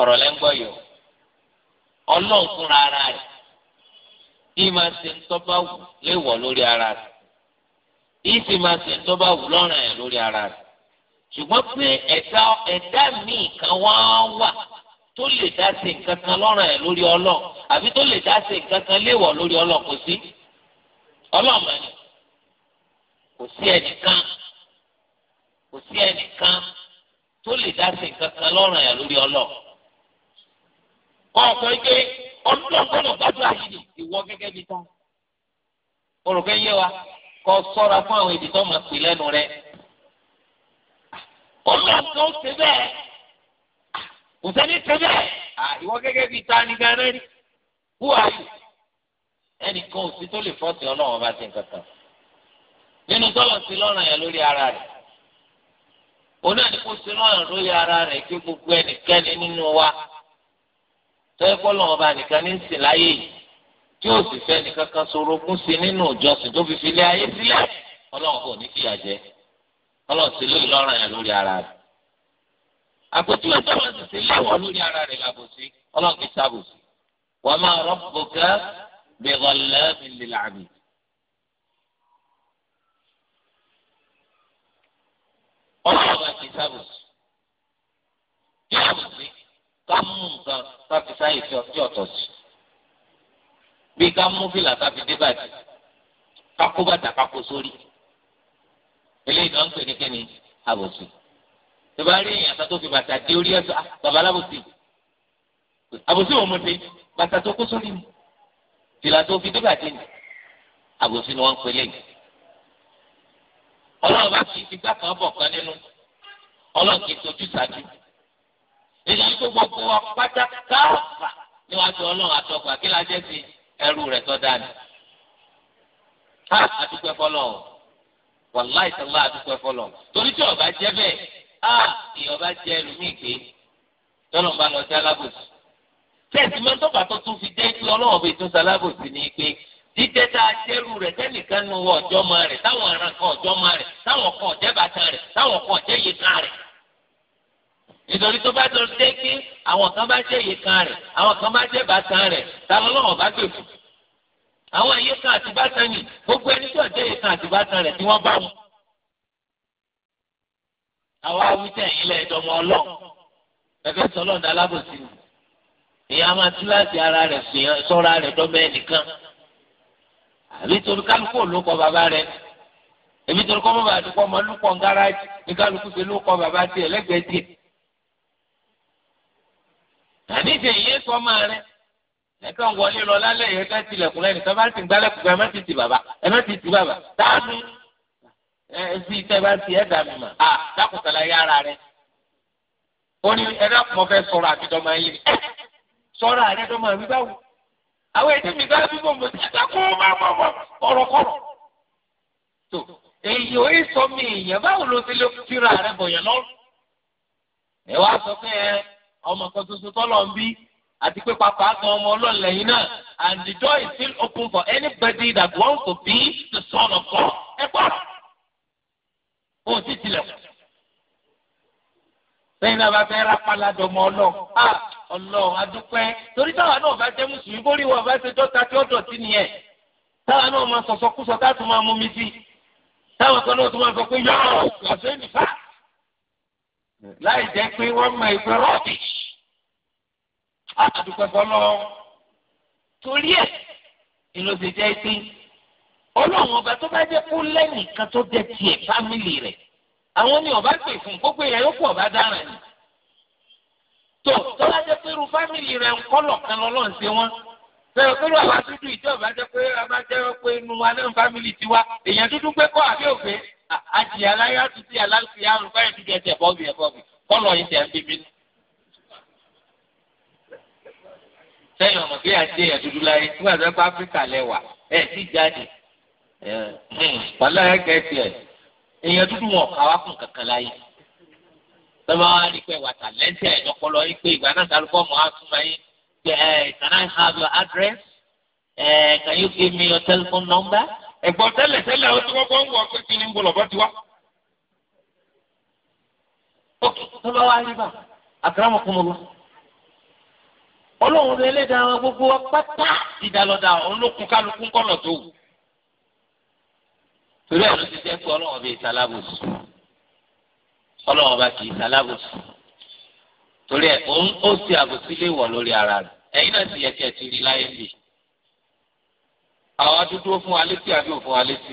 ọ̀rọ̀ lẹ́ ń gbọ́ yìí o ọlọ́run fúnra ara rẹ̀ yìí máa ṣe ńtọ́ba wù léwọ̀ lórí ara rẹ̀ yìí sì máa ṣe ńtọ́ba wù lọ́rùn ẹ̀ lórí ara rẹ̀ ṣùgbọ́n pé ẹ̀dá ẹ̀dá míì kan wá wà tó lè dá sí nǹkan kan lọ́rùn ẹ̀ lórí ọlọ́ọ̀ àbí tó lè dá sí nǹkan kan léèwọ̀ lórí ọlọ́ọ̀ kò sí ọlọ́ọ̀mọ ni kò sí ẹnìkan kò sí ẹnìkan tó lè dá sí nǹkan kan lọ́rùn ẹ̀ lórí ọlọ́ọ̀ ọ̀pọ̀ ike ọlọ́gbọ́nà gbàdúrà yìí ìwọ gẹ́gẹ́ bíi tán. olùkọ́ yé wa kọ́ sọ́ra fún àwọn ibi tó máa pè lẹ́nu rẹ̀ ọlọ́run kan ṣe bẹ́ẹ̀ kò sẹ́ni ṣe bẹ́ẹ̀ ìwọ gẹ́gẹ́ bíi ta ni gan rí who are ẹnìkan ò sí tó lè fọ́ọ̀tì ọlọ́run bá ti nǹkan kan nínú tọ́lọ̀ sí yẹn ara rẹ̀ òun náà kò sí lórí ara rẹ̀ kí gbogbo ẹnikẹ́ni nínú wa tọ́yẹ́ bọ́lọ̀ ọba nìkan ní sìn láyé yìí tí ó sì fẹ́ nìkan kan sorogún sí nínú ìjọsìn tó fi ọlọ́run sì lóyún lọ́rùn yẹn lórí ara rẹ̀ àpótí wọn táwọn sì sí léwọ̀ lórí ara rẹ̀ làbòsí ọlọ́run kì í sábòsí wa ma rabbuka bi ghallamin lil abid. ọlọ́run bá kì í sábòsí kí sábòsí ká mú nǹkan ká fi sáyè fi ọtí ọ̀tọ̀ sí bí ká mú fìlà ká fi dé bàjẹ́ ká kó bàtà ká kó sórí eléyìí náà ń pè ní kíni àbòsí tó bá rí èèyàn tó fi bàtà dé orí ẹsọ ah, bàbá alábòsí àbòsí òun mo dé bàtà tó kó sórí mi fìlà tó fi débà dé mi àbòsí ni wọ́n ń pè léyìí ọlọ́run bá fi igbá kan bọ̀ kan nínú ọlọ́run kì í tójú sáájú nítorí pé gbogbo ọpátá káàfà níwájú ọlọ́run àtọgbà kí la sí ẹrú rẹ̀ tọ́ dáa ni ká àdúgbò ẹ̀fọ́ lọ́wọ́ wàláì sọlá àdúgbò ẹfọlọ torí tí ọba jẹ bẹ́ẹ̀ a ìyọba jẹ ẹlòmíì gbé tọlọmọba lọ sí alábòsí tẹsí máa ń tọ́ka tó tún fi jẹ́ pé ọlọ́wọ́ bíi tún salábòsí ni pé jíjẹ tá a jẹ́rù rẹ̀ tẹ́nìkan nu ọjọ́ ma rẹ̀ táwọn aràn kan ọjọ́ ma rẹ̀ táwọn kan ọjẹ́ bàtà rẹ̀ táwọn kan ọjẹ́ yìí kan rẹ̀ nítorí tó bá tó dé pé àwọn kan bá jẹ́ yìí kan rẹ̀ àwọn kan bá jẹ́ bàtà rẹ̀ tá lọ́wọ́ bá gbè fún un àwọn ẹ̀yẹ kan àti bàtàn ni gbogbo ẹni tó ọ̀jẹ́ ẹ̀yẹ kan àti bàtàn rẹ̀ tí wọ́n bá wọn. àwa wí tẹ̀yìn lẹ̀ ẹ̀dọ́mọ ọlọ́run gẹ́gẹ́ sọlọ́run dá alábòsí ni ìyá máa tún láti ara rẹ̀ sọ́ra rẹ̀ dọ́mọ ẹnìkan àbí torí kálukú ò ló kọ bàbá rẹ̀ èmi torí kọ́ bàbá àdúgbò ọmọ lúkọ̀ ń gáràjì ní kálukú ṣe ló bàbá tiẹ̀ lẹ́gbẹ̀ẹ́ tiẹ̀ àníjẹ̀ ìyẹn sọ máa rẹ̀ ẹ̀kan wọlé lọ lálẹ́ yẹn ká tilẹ̀kùn lẹ́nu tó bá ti ń gbálẹ̀kùn pé ẹ má ti ti bàbá ẹ má ti ti bàbá dáàbì ẹ sì tẹ́ bá ti ẹ̀ dà mí mà á dákùtàlá yára rẹ̀ ó ní ẹ dákùn mọ́ fẹ́ sọ̀rọ̀ àbídọ́mọ ayé mi sọ̀rọ̀ àrẹ dọ́mọ àbí báwo àwọn èdè mi bá bí bòmò tí àtàkùn mọ́mọ́mọ́ ọ̀rọ̀kọ̀rọ̀ tó èyí ò sọ mi èèyàn báwo ló ti lè kíra rẹ̀ bọ̀yàn lọ́rùn ẹ wá sọ pé ọmọ kan tuntun tọ́lọ̀ àti pé pàpà gan ọmọ ọlọ́ọ̀lẹ̀ yìí náà and the door is still open for anybody that wants to be the son of God. ẹ gbọ́ òun sì tilẹ̀kùn. lẹ́yìn náà bá fẹ́ rápálá dọmọ ọlọ́ ah, ọlọ́ adúpẹ́ torí táwa náà bá jẹ́ mùsùlùmí bórí wọn bá ṣe dọ́ta tí ó dọ̀tí nìyẹn táwa náà máa sọ̀sọ̀ kú sọ táàtù máa mú mi sí táwa kan náà tún máa sọ pé yọ̀ọ́ ọ̀sẹ̀ nìfà láì jẹ́ pé wọ́n mọ ìgbẹ́ rọ́ọ̀bì àdúpẹ́ bọ́lọ́ torí ẹ̀ ìlòsì jẹ́ pé ọlọ́run ọba tó bá jẹ́ kó lẹ́yìn kan tó jẹ́ tiẹ̀ fámìlì rẹ̀ àwọn ni ọba pè fún gbogbo ìyá yòókù ọba dára ni tó tó bá jẹ́ pé irú fámìlì rẹ̀ ń kọ́lọ̀ kan lọ́lọ́ ń ṣe wọ́n bẹ́ẹ̀ pẹ̀lú àwọn dúdú ìjọ ọba jẹ́ pé ọba jẹ́ pé inú wa lẹ́nu fámìlì tiwa èèyàn dúdú pé kọ́ àbí òfé àjìyà aláyà tuntun aláṣẹ àrùn sẹ́yìn ọmọ kí àti èèyàn dúdú láyé tí wọ́n sọ pé áfíríkà lẹ́wà ẹ̀ sì jáde wàhálà ẹ̀ ẹ̀ èèyàn dúdú wọn kà wá kankan láyé tọ́ba wa rí pé wà tàlẹ́ntì ẹ̀ lọ́pọ̀lọ́ yín pé ìgbà náà kálukọ́ mọ́ á súnmọ́ yín pé ẹ̀ eh, can have your address ẹ̀ eh, can you give me your telephone number. ẹ̀gbọ́n tẹ́lẹ̀ tẹ́lẹ̀ ó ti wọ́pọ̀ ń wọ pé kí ni ń bọ̀ lọ́bọ̀ ti wá. ó tọ́ba wa rí bá àkàrà mọ̀kúnmọ́ lọ ọlọ́run rẹ lẹ́dàá àwọn gbogbo wa pátá ìdálọ́dà olókun kálukú kọ́nà tó wù. torí àwọn ti jẹ́ pé ọlọ́run bíi sálábùsù ọlọ́run bá kì í sálábùsù torí ẹ̀ òun ó ti àbùsí lé wọ̀ lórí ara rẹ̀ ẹ̀yin náà sì yẹ kí ẹ ti rí láyé bì. àwọn dúdú ó fún wa létí àbí ó fún wa létí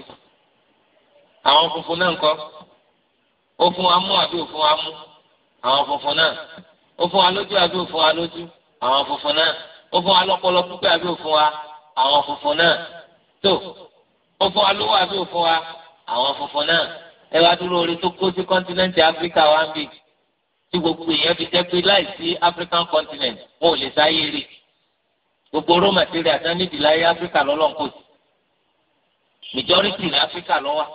àwọn funfun náà ń kọ́ ó fún wa mú àbí ó fún wa mú àwọn funfun náà ó fún wa lójú àbí ó wa lójú àwọn funfun náà ó fún wa lọ́pọlọ púpẹ́ àbí òfun wa àwọn funfun náà tó ó fún wa lówó àbí òfun wa àwọn funfun náà ẹ wá dúró orí tó kó sí kọ́ńtínẹ́ǹtì áfíríkà wa ń bì tí gbogbo èèyàn fi jẹ́ pé láìsí african continent wọn ò lè sáyé rí gbogbo raw material tán nídìí láyé áfíríkà lọ́lọ́ǹkó sí majority ní áfíríkà lọ́wọ́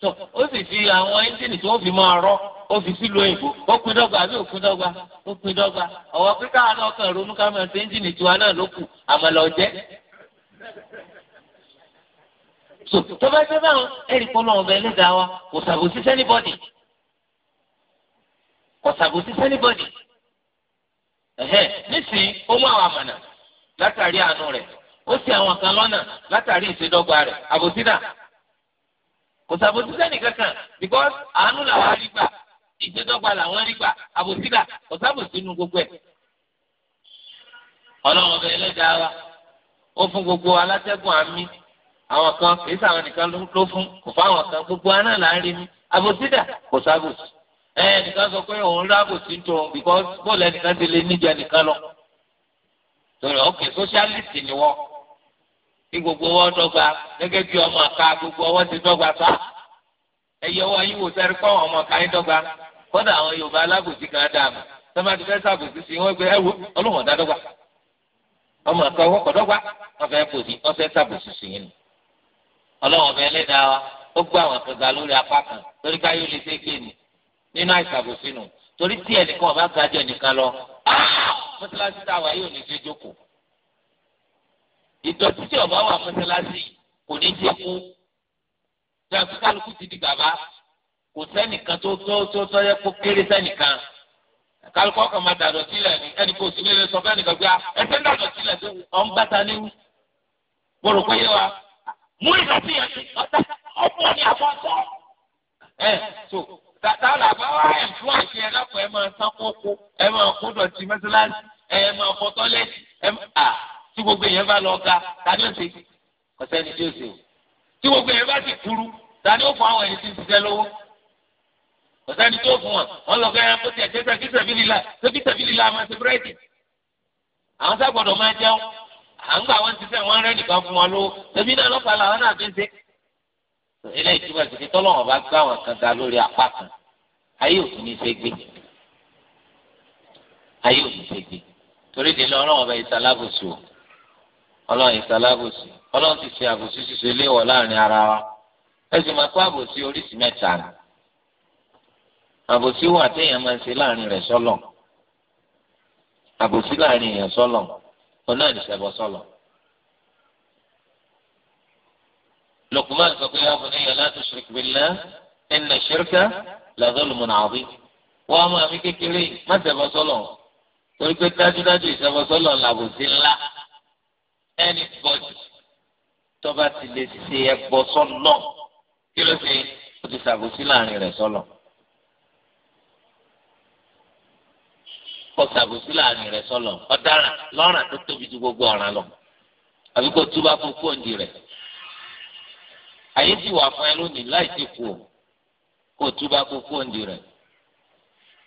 tó ó sì fi àwọn ẹ́ńjìnì tí wọ́n fi máa rọ́ o fi sílùú òyìnbó o pin dọ́gba àbí ó pin dọ́gba ó pin ronú so tó bá báwọn wa kò kò nísìnyí ó mú àwọn látàrí àánú ó sì àwọn kan látàrí àbòsí kò sàbòsí sẹ́ni kankan because àánú làwọn rí gbà ìjẹ́dọ́gba làwọn rí gbà àbòsí là kò sàbòsí inú gbogbo ẹ̀. ọlọ́run ọbẹ̀ ẹlẹ́dàá wa ó fún gbogbo alátẹ́gùn àmì àwọn kan kì í sàwọn nìkan ló fún kò fáwọn kan gbogbo aná là ń rí mi àbòsí dà kò sàbòsí. ẹ nìkan sọ pé òun rí àbòsí ń tòun because bóòlù ẹnìkan ti lè níjà nìkan lọ. sọ̀rọ̀ òkè sóṣálìsì ni wọ́n ní gbogbo ọwọ́ dọ́gba gẹ́gẹ́ bí ọmọ àka gbogbo ọwọ́ ti dọ́gba fa ẹ̀yẹ ọwọ́ yìí wò sẹ́rí kọ́ ọmọ àka yín dọ́gba kọ́dà àwọn Yorùbá alábòsí kan dààmú sọ́mọ́tì fẹ́ sàbòsí sí wọ́n gbé ẹ̀wò ọlọ́wọ́n dá dọ́gba ọmọ àka ọwọ́ kọ́ dọ́gba wọ́n fẹ́ bòsí wọ́n fẹ́ sàbòsí sí yín ọlọ́wọ́n fẹ́ lé dáa ó gbé àwọn àkàgà lórí apá kan torí káyọ̀ lè ṣe ké ni nínú àìsàbòsí nù torí tí ẹnìkan ọba gàjọ nìkan lọ mọ́tíláṣí táwa yóò ní ṣe jókòó ìdọ̀tí tí ọba wà mọ́sálásí kò ní jẹ́ kú jáfi kálukú ti di bàbá kò sẹ́nìkan tó tó tó tó yẹ kó kéré sẹ́nìkan kálukú ọkàn máa dàdọ̀ sílẹ̀ ní ẹnì kò sí lélẹ̀ sọ fẹ́ nìkan gbé a ah, ẹsẹ̀ ń dàdọ̀ sílẹ̀ tó ọ̀n bàtà níwú gbọ́dọ̀ pé yé wa mú ìgbà sí yẹn ọ̀tá ọ̀pọ̀ ní àbọ̀tọ̀ ẹ̀ tó tàtà làbá wa ẹ̀ fún àṣẹ ẹ̀ lápò ẹ̀ máa sán kókó ẹ̀ máa kó dọ̀tí mọ́sálásí tí gbogbo èèyàn bá lọ ga tani ó ṣe ọ̀sẹ́ni tí ó ṣe o tí gbogbo èèyàn bá sì kúrú tani ó fún àwọn ẹni tí ń ṣiṣẹ́ lówó ọ̀sẹ́ni tó fún wọn wọn lọ gẹ́gẹ́ bó ti ẹ̀jẹ̀ sẹ́kí sẹ́bílìlà sẹ́kí sẹ́bílìlà máa ṣe búrẹ́dì àwọn sàgbọ̀dọ̀ máa jẹun à ń gbà wọn ti sẹ́ wọn rẹ́ nìkan fún wọn lówó ẹbí náà lọ́pàá làwọn náà fi ń ṣe. eléyìí túbọ̀ sí ti tọ́lọ́wọ́n bá gbá àwọn kan ga lórí apá kan ayé òfin ní ṣe gbé ayé òfin ṣe gbé torí délé ọlọ́wọ́n bá yẹ ọlọ́run ìsalábòsí ọlọ́run ti ṣe àbòsí ṣiṣẹ́ léwọ̀ láàrin ara wa ẹ̀sìn máa kó àbòsí oríṣìí mẹ́ta ni àbòsí wà téèyàn máa ń ṣe láàrin rẹ̀ sọ́lọ̀ àbòsí láàrin èèyàn sọ́lọ̀ ọ̀nà ìṣẹ̀bọ sọ́lọ̀. Luqman sọ pé ọkùnrin yẹn la tushrik billah inna shirka la dhulmun adhim wọ́n á máa mi kékeré má ṣẹ̀bọ sọ́lọ̀ torí pé dájúdájú ìṣẹ̀bọ sọ́lọ̀ làbòsí ńlá anybody tọ́ba ti lè ṣe ẹbọ sọ́nà kí ló ṣe ó ti ṣàbòsí láàrin rẹ̀ sọ́nà. kọ ṣàbòsí láàrin rẹ̀ sọ́nà ọ̀daràn lọ́ràn tó tóbi ju gbogbo ọ̀ràn lọ àbí kó túbá fún fóònù rẹ̀. àyè ti wà fún ẹ lónìí láì ti kú o kó túbá fún fóònù rẹ̀.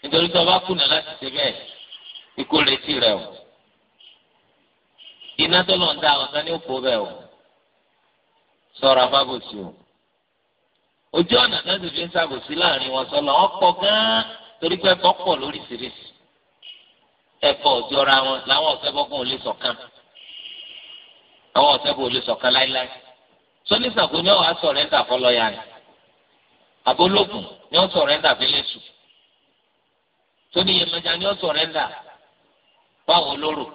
nítorí tọ́ba kùnà láti ṣe bẹ́ẹ̀ ikú retí rẹ̀ o iná tó lọ ń da àwọn sani ó kó bẹ́ẹ̀ o sọ̀rọ̀ afábòsí o ojú ọ̀nà náà sì fi ń sàbòsí láàrin wọn sọlọ wọn pọ̀ gan-an torí pé ẹ̀kọ́ pọ̀ lóríṣiríṣi ẹ̀kọ́ òjọra wọn làwọn ọ̀sẹ́bọ̀gùn ò lè ṣọ̀kan àwọn ọ̀sẹ́bọ̀ ò lè ṣọ̀kan láíláí sọ́nísàkó ni wọ́n á sọ̀rẹ́ńdà fọlọ́yà rẹ̀ àbólógùn ni wọ́n sọ̀rẹ́ńdà fẹ́lẹ́sù tóníyèméjà ni wọ́n sọ̀rẹ́ńdà fáwọn olóró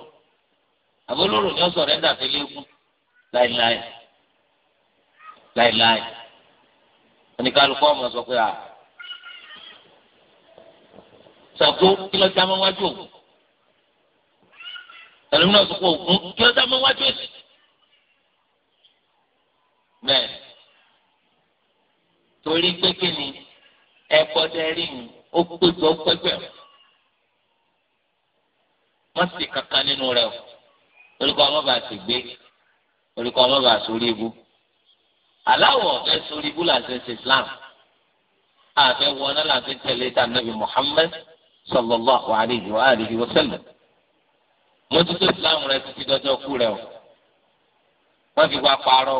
àbólóró ni ó sọ̀rẹ́ńdà fi léegun láìláì láìláì oníkálukú ọmọ sọ pé à sàgbó kí ló dá mọ́wájú ògùn ẹlòmínú ọ̀sùn kó ògùn kí ló dá mọ́wájú èsì bẹ́ẹ̀ torí pé kí ni ẹ̀kọ́ dẹ́rì ni ó péjọ pẹ́pẹ́ wọ́n sì kankan nínú rẹ̀ o orúkọ ọlọ́ba sì gbé orúkọ ọlọ́ba sórí ibú aláwọ̀ ọ̀fẹ́ sórí ibú làṣẹ ṣe Islam àfẹ́ wọná làṣẹ tẹ̀lé tànàbí Muhammad sallallahu alayhi wa alihi wa sallam mójútó Islam rẹ títí dọjọ́ kú rẹ o wọ́n fi wá parọ́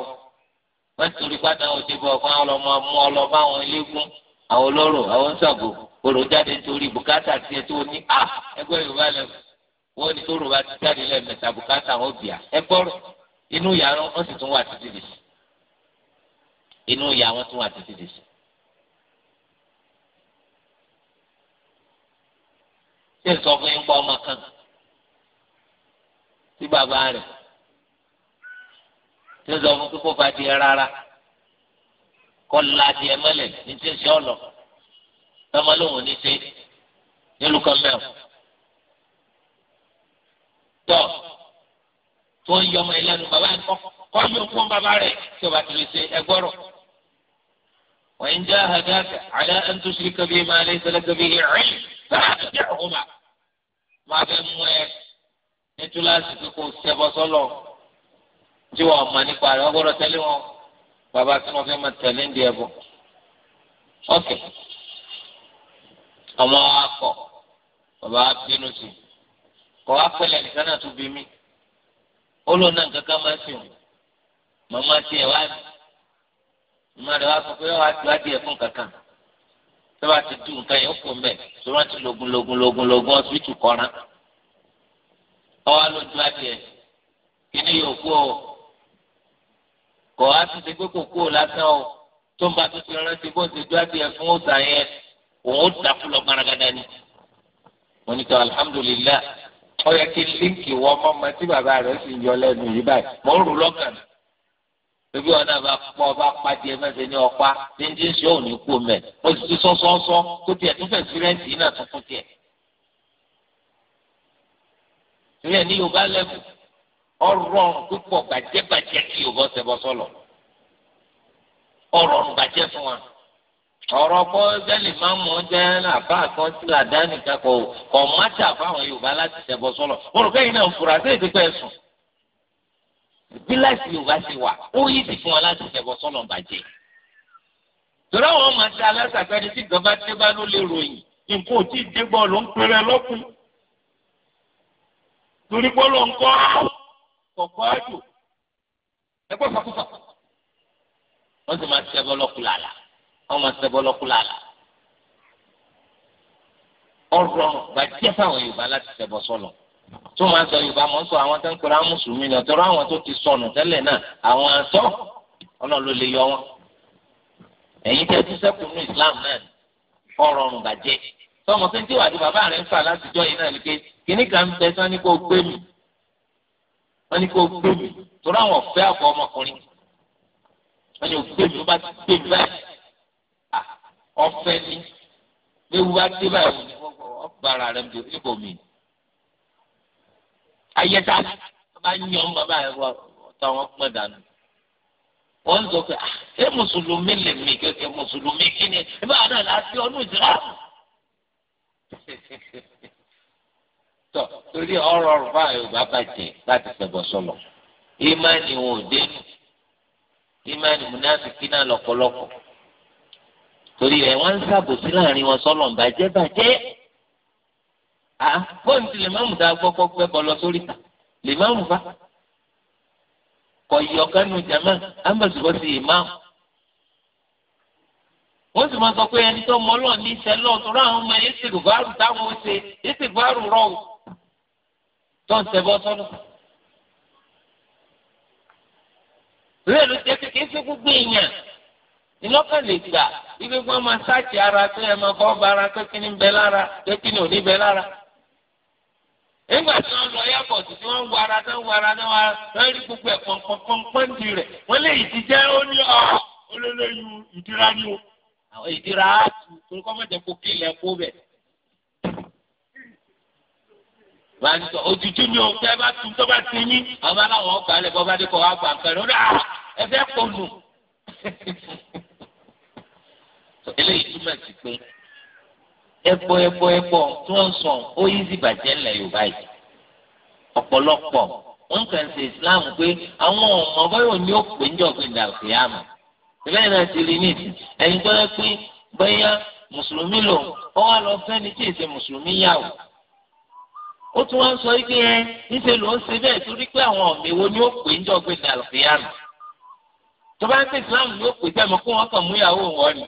wọ́n ti torí pátá òde bọ̀ fún àwọn ọmọ mú ọlọ́ba àwọn eléégún àwọn olóró àwọn sàgò òròjáde nítorí bùkátà tiẹ̀ tó ní à ah! ẹgbẹ́ Yorùbá lẹ́fọ̀ wọ́n ní tóorùn bá ti jáde lẹ́ẹ̀mẹ́ta bùkátà wọn bìà ẹ gbọ́rọ̀ inú ìyá wọn sì tún wà títí dì sí inú ìyá wọn tún wà títí dì sí. ṣé sọ fún yín pa ọmọ kan sí bàbá rẹ̀ ṣé sọ fún kíkó bá di ẹ rárá kọ́ la di ẹ mọ́lẹ̀ ní tí ń ṣe ọ̀nà tọmọ ní ṣe nílùú kan mẹ́wàá tọ̀ tó ń yọ ọmọ ìlànà bàbá ẹ̀ kọ́ yọ fún bàbá rẹ̀ tí o bá ti lè ṣe ẹgbọ́rọ̀. وإن جاهداك على أن تشرك به ما ليس لك به علم فلا تطعهما ما بين مويه nítúláàsì pé kò ṣẹbọ sọlọ tí wọn mọ nípa rẹ̀ wọn gbọ́dọ̀ wọn bàbá tí wọn fẹ́ máa tẹ̀lé ń di ẹbọ ọkẹ ọmọ wa bàbá bínú sí i kọ́ apẹ̀lẹ̀ nìkan náà tún bí mi ó lò náà nǹkan kan máa ń sìn màmá tiẹ̀ wá ní màmá rẹ̀ wá sọ pé wàá tu adìẹ fún kankan tó bá ti dùn nǹkan yẹn ó kò mbẹ̀ tó rántí logun logun logun logun ọsibítù kọ́ra ọwọ́ ló tu adìẹ kí ni yóò kú ọ kọ́ á ti ṣe pé kò kú ọ lásán o tó ń bá tó ti rántí bó ń ṣe tu adìẹ fún ọ̀sán yẹn òun ó dàkú lọ gbaragada ni mo ní kí alhamdulilayi ó yẹ kí líǹkì wọ ọmọ ọmọ tí bàbá rẹ̀ sì yọ lẹ́nu yìí báyìí mò ń rò lọ́kàn ebi wọn náà bá pọ ọba pàdé mẹsẹ ní ọpa ní ní ṣe òun ní kú mẹ mo sì ti sọsọsọ kó tiẹ̀ tún fẹẹ sírẹǹtì yìí náà tuntun tiẹ̀. ìrìn ní yorùbá lẹ́bù ọ̀rọ̀ ọ̀rùn púpọ̀ bàjẹ́ kí yorùbá ṣẹbọ sọ̀lọ̀ ọ̀rọ̀ ọ̀rùn bàjẹ́ fún wa ọ̀rọ̀ kọ́ jẹ́lì máa mọ̀ ọ́ jẹ́ àbá kan tí àdáni kakọ̀ kọ̀ mátà fáwọn yorùbá láti tẹ̀bọ̀ sọ́lọ̀ olùkọ́ yìí náà ń fura sí èdè pẹ̀sùn bí láti yorùbá ti wà ó yí ti fún wọn láti tẹ̀bọ̀ sọ́lọ̀ bàjẹ́ torí àwọn ọmọ àti alásàgbẹ́ni tí gàmá dé bá ló lè ròyìn nǹkan ò tí ì dé bọ́ ló ń pèrè lọ́kùn torí pé ló ń kọ́ kọ̀kọ́ wọn máa sẹbọ lọkùlàlà ọ̀rọ̀ gbajúẹ fáwọn yorùbá láti sẹbọ sọlọ tó máa sọ yorùbá mọ sọ àwọn tó ń pera mùsùlùmí ni ọtọrọ àwọn tó ti sọnù tẹ́lẹ̀ náà àwọn àtọ Ọlọ́run lè yọ wọn ẹ̀yin tẹ́ tún ṣẹ́kù ní islam náà ọ̀rọ̀ ọrùn gbajẹ tọmọ tó ń tí wàá di bàbá rẹ̀ ń fà látijọ́ yìí náà ni pé kíní kan ń bẹ tí kó gbé mi wọn ní kó gbé mi torí àwọn ọ̀fẹ́ àbọ̀ ọmọkùnrin wọn ní kó gbé mi wọn bá ti gbé mi báyìí ọ̀fẹ́ ni léwu bá dé báyìí ni wọ́n gbọ́ ọ̀bára rẹ̀ bí ibò mi. ayẹta bá yan ọmọ báyìí wọ́n ọ̀tọ̀ wọn pọ̀ dànù. wọ́n sọ pé ah, ṣé mùsùlùmí lè mí kékeré mùsùlùmí kí ni ibà náà láti ọdún ìsìlámù. tọ torí ọ̀rọ̀ ọ̀rọ̀ yorùbá bàjẹ́ láti ṣẹbọ sọlọ ìmánì wọn ò dénú ìmánì múnáfíkí náà lọ́pọ̀lọpọ̀ torí rẹ̀ wọ́n ń ṣàbòsí láàrin wọn sọ́lọ̀ ń bàjẹ́ bàjẹ́ à bóun ti lè máàmù dáa gbọ́ pé bọ́ lọ sórí ta lè máàmù fa kọ̀yọ̀ kánú jama ámbàṣùbọ̀ sí ìmáàmù wọ́n sì máa sọ pé ẹni tó mọ ọlọ́ọ̀ ní ìṣẹ́ lọ́ọ̀ tó ráhùn mọ ìsìgbárù táwọn ó ṣe ìsìgbárù rọ̀ ò tó ń tẹ̀ bọ́ sọ́nù. ìwé ìlú jẹ́ kékeré sí gbogbo èèyàn ìlọ́kàn lè gbà ibi gbọ́n máa sáàtì ara pé ẹ máa bọ́ bara pé kí ni ń bẹ lára pé kí ni ò ní bẹ lára. nígbà tí wọ́n lọ yàtọ̀ tí wọ́n ń wara tí wọ́n ń wara tí wọ́n rí gbogbo ẹ̀ pọ̀npọ̀npọ̀n di rẹ̀ wọ́n lè ti jẹ́ ó ní ọ ah, olólóyún ìdíra ni o. àwọn ìdíra á tu torí kọ́ mọ̀jẹ̀ kó kí ilẹ̀ kó bẹ̀. wà á sọ òtútù ni o tẹ́ bá tu tó bá ti yín àwọn aláwọ̀ ọgbà lẹ̀ bọ́ bá dé kọ́ wá gbà kẹrin ó dà eléyìí túmọ̀ sí pé ẹbọ ẹbọ ẹbọ tí wọ́n sọ ó yí sí bàjẹ́ ńlẹ̀ yorùbá yìí ọ̀pọ̀lọpọ̀ wọn kàn ṣe islam pé àwọn ọmọ báyọ̀ ni ó pè ń jọ pé dàkìyàmù ìbẹ́ẹ̀ náà ti rí ní ìsìn ẹ̀yin tó pé bẹ́yà mùsùlùmí lò ó wá lọ fẹ́ ni tí èsè mùsùlùmí yà ó ó tún wá sọ pé ẹ níṣẹ́ ló ń ṣe bẹ́ẹ̀ torí pé àwọn ọ̀mẹ̀wò ni ó pè ń jọ pé dàkìyàmù tó bá ń pè islam ni ó pè sẹ́mu kó wọn kàn mú ìyàwó wọn ni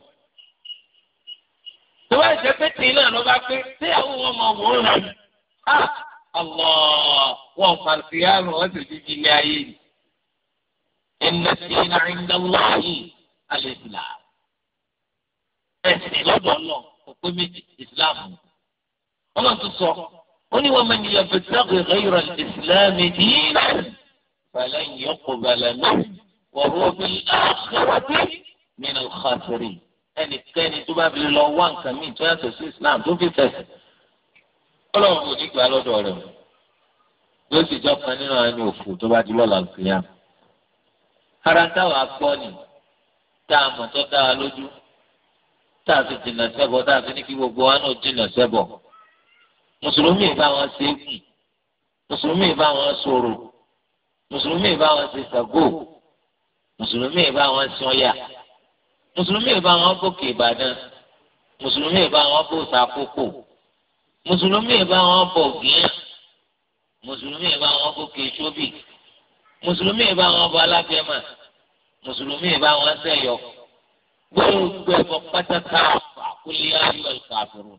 tó wá jẹ́ pé tí náà ló bá pé tíyàwó wọn mọ òun rẹ̀ ni. Allah wọn fàǹtì àrùn wọn sì jíjí ní ayé ni. Inna dina inda Allahi al-Islam. Ẹ̀sìn lọ́dọ̀ náà kò pé méjì ìsìláàmù. Wọ́n náà tún sọ, ó ní wa man yabtaghi ghayra al-Islam dinan falan yuqbala minhu wa huwa fil akhirati min al ẹnikẹ́ni tó bá fi lọ wá nǹkan míì tó yàtọ̀ sí islam tó fi fẹ̀sẹ̀ ọlọ́run kò ní gbà lọ́dọ̀ rẹ̀ yóò sì jọ kan nínú àwọn òfò tó bá di lọ́la lùkìyà ara táwa gbọ́ ni tá a mọ̀ tó dáa lójú tá a fi jìnnà sẹ́bọ̀ tá a fi ní kí gbogbo wa náà jìnnà sẹ́bọ̀ mùsùlùmí bá wọn ṣe é kù mùsùlùmí bá wọn sọ̀rọ̀ mùsùlùmí bá wọn ṣe sàgó mùsùlùmí bá wọn ṣe ọ̀yà mùsùlùmí ìbá wọn gòkè ìbàdàn mùsùlùmí ìbá wọn bò sàkókò mùsùlùmí ìbá wọn bò gíyàn mùsùlùmí ìbá wọn gòkè sóbì mùsùlùmí ìbá wọn bò alábẹ́mà mùsùlùmí ìbá wọn sẹ́yọ gbogbo ẹ̀fọ́ pátákà àkúlé ayọ̀ ìkàfùrù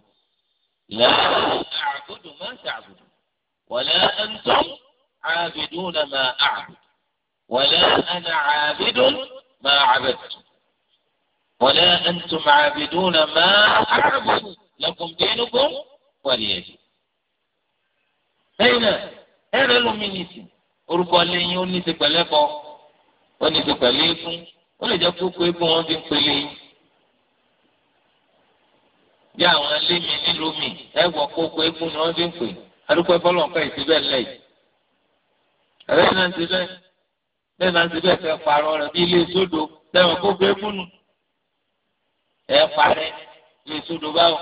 lẹ́yìn àgùdù máa ń wọlé ẹ̀ńtọ́ àbìdùn náà máa àbùdù wọlé ẹ̀ńtọ́ àbìdùn máa àbẹ̀tù. ولا أنتم عابدون ما أعبد لكم دينكم ولي دين ẹ̀yin náà ẹrẹ lómi ní ti orúkọ lẹ́yìn ó ní ti pẹ̀lẹ́ bọ ó ní ti pẹ̀lẹ́ eégún ó lè jẹ́ kókó eégún wọn fi ń pele yín bí àwọn ẹlẹ́mìí nílùú mi ẹ wọ kókó eégún ni wọ́n fi ń pè adúpẹ́ bọ́lọ̀ nǹkan ìsibẹ̀ lẹ́yìn ẹ̀rẹ́ náà ti bẹ́ẹ̀ bẹ́ẹ̀ náà ti bẹ́ẹ̀ fẹ́ parọ́ rẹ̀ bí ilé sódò lẹ́wọ̀n kókó eégún nù ẹ parẹ́ lè sódò báwò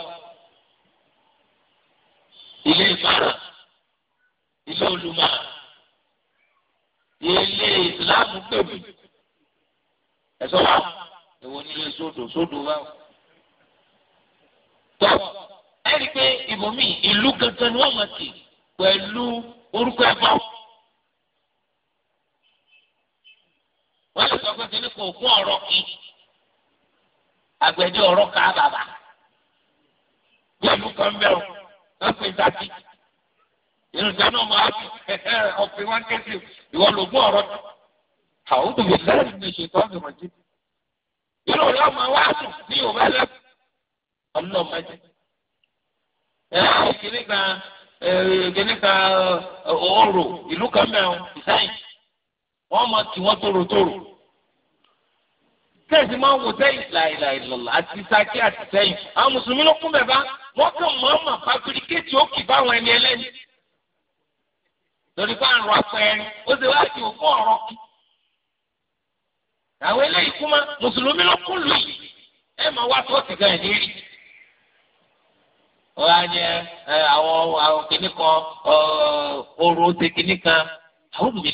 ilé ìmọ̀ràn ilé olùmọ̀ ilé ìsìláàmù pẹ̀lú ẹ̀sọ́ wa èwo ni ilé sódò sódò báwò tọ́ ẹ rí i pé ìbòmí ìlú gangan ni wọ́n mọ̀ sí pẹ̀lú orúkọ ẹ̀fọ́. wọ́n lè sọ pé kí ni kò fún ọ̀rọ̀ kí agbẹjọ́ ọ̀rọ̀ ká bàbà gbẹ̀mú kan bẹ̀rù wọ́n pè dàtí irun ìjà náà máa fi ọ̀pẹ wọn kẹ́sì ìwọ ló gbọ́ ọ̀rọ̀ tó àwọn òbí lẹ́yìn ní ṣètò ọ̀gbìnrin jù irun ọ̀rẹ́ ọmọ wa sùn ní Yorùbá lẹ́kọ̀ọ́ ọlọ́mọdé ẹ̀ ẹ́ kìnnì kan kìnnì kan ọ̀rọ̀ ìlú kan mẹ́rin ìsáyìn wọ́n mọ kí wọ́n tóró tóró tẹ̀sí máa ń wò sẹ́yìn láìláìlọ́lá àti saki àti sẹ́yìn àwọn mùsùlùmí ló kún bẹ̀bá wọ́n kàn mọ́ọ́mà fábíríkéètì òkè báwọn ẹni ẹlẹ́ni. lórí bá ń rọ apẹ́ẹ́rẹ́ ó ṣe wá sí òkú ọ̀rọ̀ kí. àwọn eléyìí kú mọ́ mùsùlùmí ló kún lù yìí ẹ máa wá sọ́ọ̀tì gan ẹ̀ lérí. ó wá yẹ àwọn kìnnìkan ọ̀rọ̀ ó ṣe kìnnìkan àwọn òbí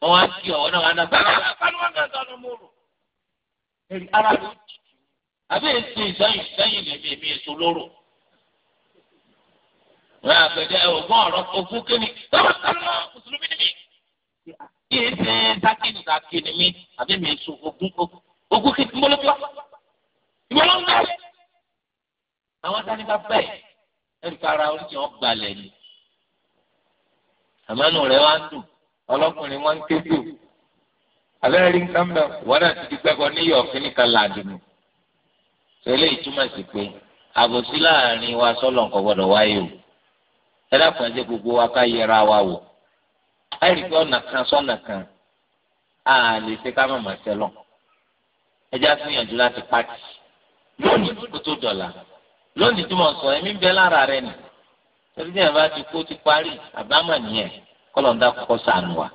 wọn wá kí ọ náà wọn náà bá bá bá wọn náà sọnù mòrò. èrì ara ló jì jù àbí èso ìsọyìn ìsọyìn lèmi èmi èso lóró. wọn àgbẹ̀dẹ ògùn ọ̀rọ̀ ogún kínní báwọn sọnù mọ́ mùsùlùmí ni mí. kí ẹsẹ̀ dákìnì dákìnì mi àbí mi èso ogún ogún kí mbọ́lọ́ bíwá. ìbọ̀lọ́ ń bẹ̀. àwọn sani bá bẹ̀ ẹ̀rì kára oríṣi ọgbà lẹ́yìn. àmọ́ nù rẹ̀ wá ń dùn ọlọ́kùnrin wọn ń ké sí o alẹ́ rí nǹkan mẹ́ wọn náà ti di pẹ́kọ́ ní yọ̀ọ̀kì nìkan làdùnú tó eléyìí túmọ̀ sí pé àbòsí láàrin wa sọ́lọ̀ nǹkan gbọ́dọ̀ wáyé o ẹ dákun ẹ jẹ́ gbogbo wa ká yẹra wa wò ẹ rí pé ọ̀nà kan sọ́nà kan a lè ṣe ká mọ̀mọ́ sẹ́lọ̀ ẹ já fìyànjú láti pàtì lónìí kó tó dọ̀là lónìí tí sọ ẹ̀mí bẹ́ lára rẹ nì ẹ̀ kọ́lọ̀ ń dá kọ́kọ́ sànù wa.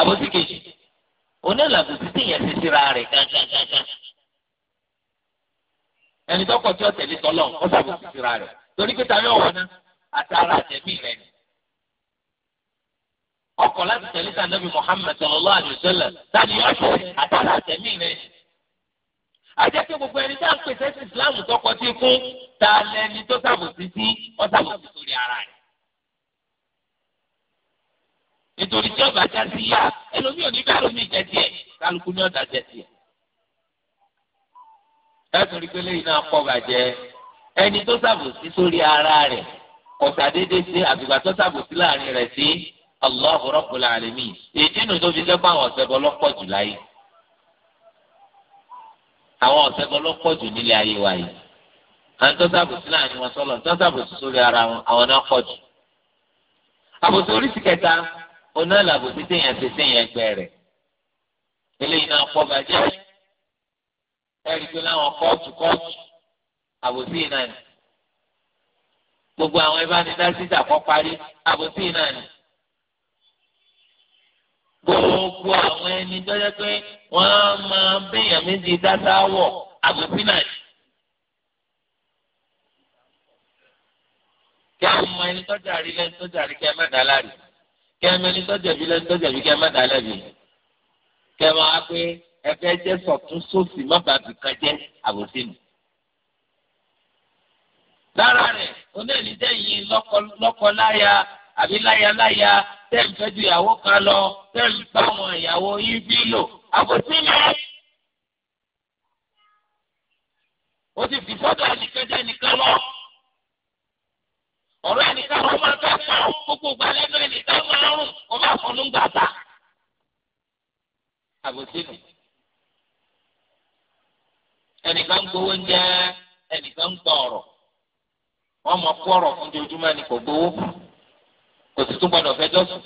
àbòsí kejì oní àlàbò títí yẹn ti síra rẹ̀ gángangangan. ẹni tọkọ tí ó tẹ̀lé tọ́lọ̀ ó sàbò sí síra rẹ̀ torí pé tàbí ọ̀wọ́ ná àtàrà tẹ̀mí rẹ̀ ni. ọkọ̀ láti tẹ̀lé sànàbí Muhammad sallallahu alaihi wasallam tani yóò ṣe àtàrà tẹ̀mí rẹ̀ ni. àjẹkẹ́ gbogbo ẹni tá à ń pèsè ìsìláàmù tọkọ tí kún ta lẹni tó sàbò sí sí sàbò sí sórí ara rẹ̀ nítorí tí ọba já sí yá ẹlòmíì ò ní bá ẹlòmíì jẹ tiẹ̀ kálukú ní ọ̀dà jẹ tiẹ̀. ẹ̀sùn rí pélé yìí náà pọ̀ bàjẹ́ ẹni tó ṣàbòsí sórí ara rẹ̀ kọ̀tà déédéé sí àgbègbè tó ṣàbòsí láàrin rẹ̀ sí Allahu Rabbul Alamin èdè nù tó fi jẹ́ pé àwọn ọ̀sẹ̀ bọ́ lọ́pọ̀ jù láyé àwọn ọ̀sẹ̀ bọ́ lọ́pọ̀ jù nílé ayé wa àwọn tó ṣàbòsí láàrin wọn sọ́lọ̀ tó ṣàbòsí sórí ara wọn àwọn náà pọ̀ jù àbòsí oríṣi kẹta Ona làbò tí téèyàn ti téèyàn ẹgbẹ́ rẹ̀ eléyìí náà pọ̀ bàjẹ́ ẹ̀rí pé láwọn kóòtù kóòtù àbòsí náà ni gbogbo àwọn ìbánidásíjà kọ́ parí àbòsí náà ni gbogbo àwọn ẹni tó yẹ pé wọ́n máa béèyàn méjì dásáwọ̀ àbòsí náà ni. kí àwọn ọmọ ẹni tó jàrí lẹ́nu tó jàrí kí ẹ má dá láre kẹ́mi ní sọ́jàbí lẹ́nu sọ́jàbí kẹ́ má dà lẹ́bi kẹ́ máa pé ẹgbẹ́ jẹ́ sọ̀tún sósì má bàbí kan jẹ́ àbòsí nù. lára rẹ̀ onílẹ̀ dẹ́yìn lọ́kọ-láya àbí láya-láya tẹ́ ń fẹ́ ju ìyàwó kan lọ tẹ́ ń bá àwọn ìyàwó yín bí lò àbòsí nù. o ti fi fọ́tò ẹnìkan jẹ́ ẹnìkan lọ ọ̀rọ̀ ẹnìkan wọn máa fẹ́ pa gbogbo gbalẹ́ náà ẹnìkan máa rùn wọn máa fọnú gbàgbà. àbòsí nù ẹnìkan gbowó ń jẹ ẹnìkan gbọ́ ọ̀rọ̀ wọn mọ kú ọ̀rọ̀ fún ojoojúmọ́ ẹnì kò gbowó kò sì tún gbọ́dọ̀ fẹjọ́ sùn.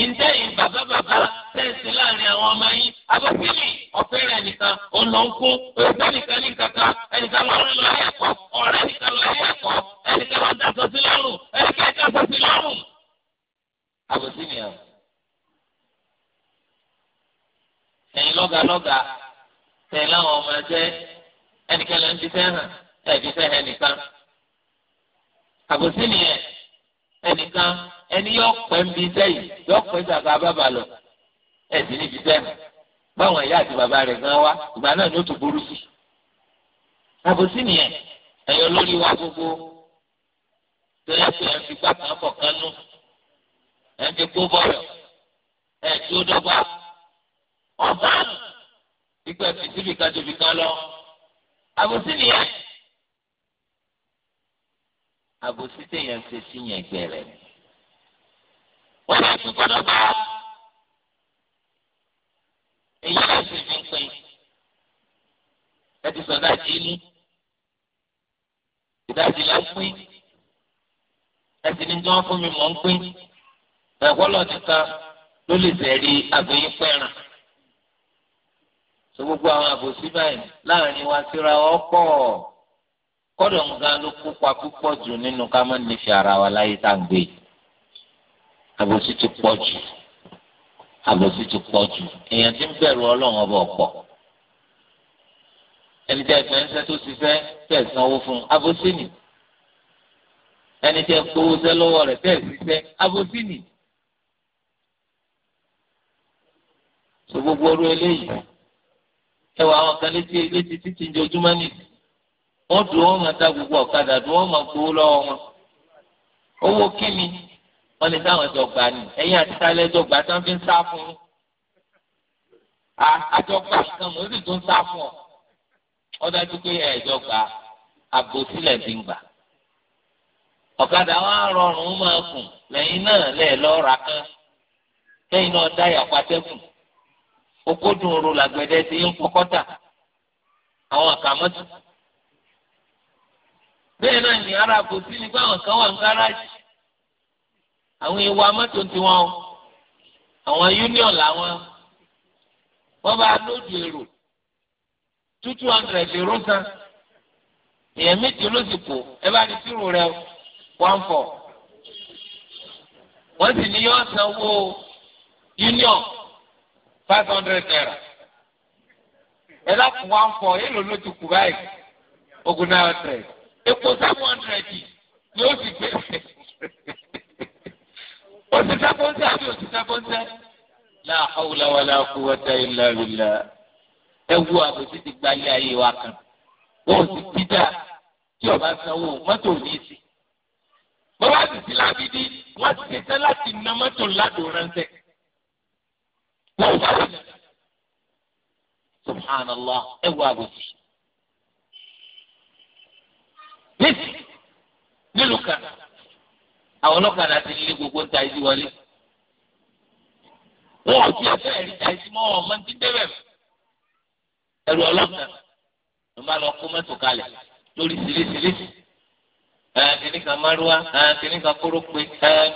ìǹtẹ́yìn bàbá bàbá tẹ̀sí láàrin àwọn ọmọ yín abọ́sílì ọ̀fẹ́ rẹ̀ nìkan ọ̀nàǹkó òṣìṣẹ́ nìkan ní kankan ẹnìkan lọ lọ ẹ̀kọ́ ọ̀rẹ́ nìkan lọ ẹ̀kọ́ ẹnìkan lọ dasọ sí lọ́rùn ẹnìkan dasọ sí lọ́rùn. àbòsílì ọ̀ ẹ̀yin lọ́gà lọ́gà tẹ̀ láwọn ọmọ ẹ̀jẹ̀ ẹnìkan lọ ń fẹ́ hàn ẹ̀ ẹnìkan ẹni yọ pẹ́ ń bi sẹ́yìn yọ pẹ́ sàkà bàbà lọ ẹ̀sìn níbi sẹ́yìn báwọn ìyá àti bàbá rẹ̀ gan wá ìgbà náà ni ó tún burú sí. àbòsí nìyẹn ẹ̀yọ́ lórí wa gbogbo tẹ́lẹ̀ pé ẹ̀ ń fi gbàgbà fọ̀kan nù ẹ̀ ń fi kó bọ̀rọ̀ ẹ̀ tí ó dọ́gba ọ̀gá ìgbà fìtìrì kan tóbi kan lọ. àbòsí nìyẹn àbòsí téèyàn ṣe sí yẹn ẹgbẹ́ rẹ̀ ni. wọ́n yà tún gbọ́dọ̀ bá èyí ló sì fi ń pín ẹ ti sọ̀dá jí ní ìdájí ló ń pín ẹ sì ní tí wọ́n fún mi mọ̀ ń pín ẹ̀kọ́lọ̀ nìkan ló lè tẹ̀lé àgbẹ̀yìn pẹ̀ràn. sọ gbogbo àwọn àbòsí báyìí láàrin wa síra ọ̀pọ̀ kọ́dọ̀ nǹkan ló kópa púpọ̀ jù nínú ká má nífẹ̀ẹ́ ara wa láyé tá à ń gbé yìí àbòsí ti pọ̀ jù àbòsí ti pọ̀ jù èèyàn ti ń bẹ̀rù ọlọ́run ọba ọ̀pọ̀ ẹni tẹ́ fẹ́ ń sẹ́ tó ti fẹ́ tẹ́ sanwó fún un àbòsí nì ẹni tẹ́ gbowó sẹ́ lọ́wọ́ rẹ̀ tẹ́ sí sẹ́ àbòsí nì so gbogbo orú eléyìí ẹ wọ àwọn kan létí létí títí ń jojúmọ́ nìyí. ó dùn ó máa ta gbogbo ọ̀kadà dùn ó ma gbowó lọ́wọ́ wọn owó kíni wọn lè dáhùn ẹjọ́ ni ní ẹ̀yìn àti sálẹ ẹjọ́ gbà tán fi ń sá fún un sì ọ ó dájú pé ti ń gbà ọ̀kadà wa rọrùn máa kùn lẹ́yìn náà oru làgbẹ̀dẹ ti ń bẹ́ẹ̀ náà ní ara kò sí ní báwọn kan wà ní gáràjì àwọn ìwà mọ́tò tiwọn o àwọn union làwọn wọ́n bá lóòdù èrò two two hundred lè rún san èèyàn méje ló sì kù ẹ bá ní sírò rẹ one four wọ́n sì ní yọ́ sanwó union five hundred naira ẹ lákùn one four èèlò ló ti kù báyìí ogun náírà tẹ̀lé epo seven hundred ni ó sì gbé òṣìṣẹ́ pọ́ńsẹ́ àbí òṣìṣẹ́ pọ́ńsẹ́ la hawla wala quwwata illa billah ẹ wo àbòsí ti gbalẹ̀ ayé wa kan wọn ò sì ti dá tí ọba sanwó mọ́tò ní ìsìn bọ́lá sì ti lágídí wọ́n ti ṣetán láti na mọ́tò ládùn ránṣẹ́ wọn ò bá wọn subhanallah ẹ wo níbi nílùú kan àwọn ọlọ́kadà ti lé gbogbo ń ta ibi wọlé wọn ò tiẹ̀ fẹ́ẹ̀ rí ta ibi mọ́ wọn máa ń ti débẹ̀ ẹrù ọlọ́kadà ló máa lọ kó mọ́tò kalẹ̀ lórí sílẹ̀sílẹ̀ kìnnì kan márùwá kìnnì kan kórópè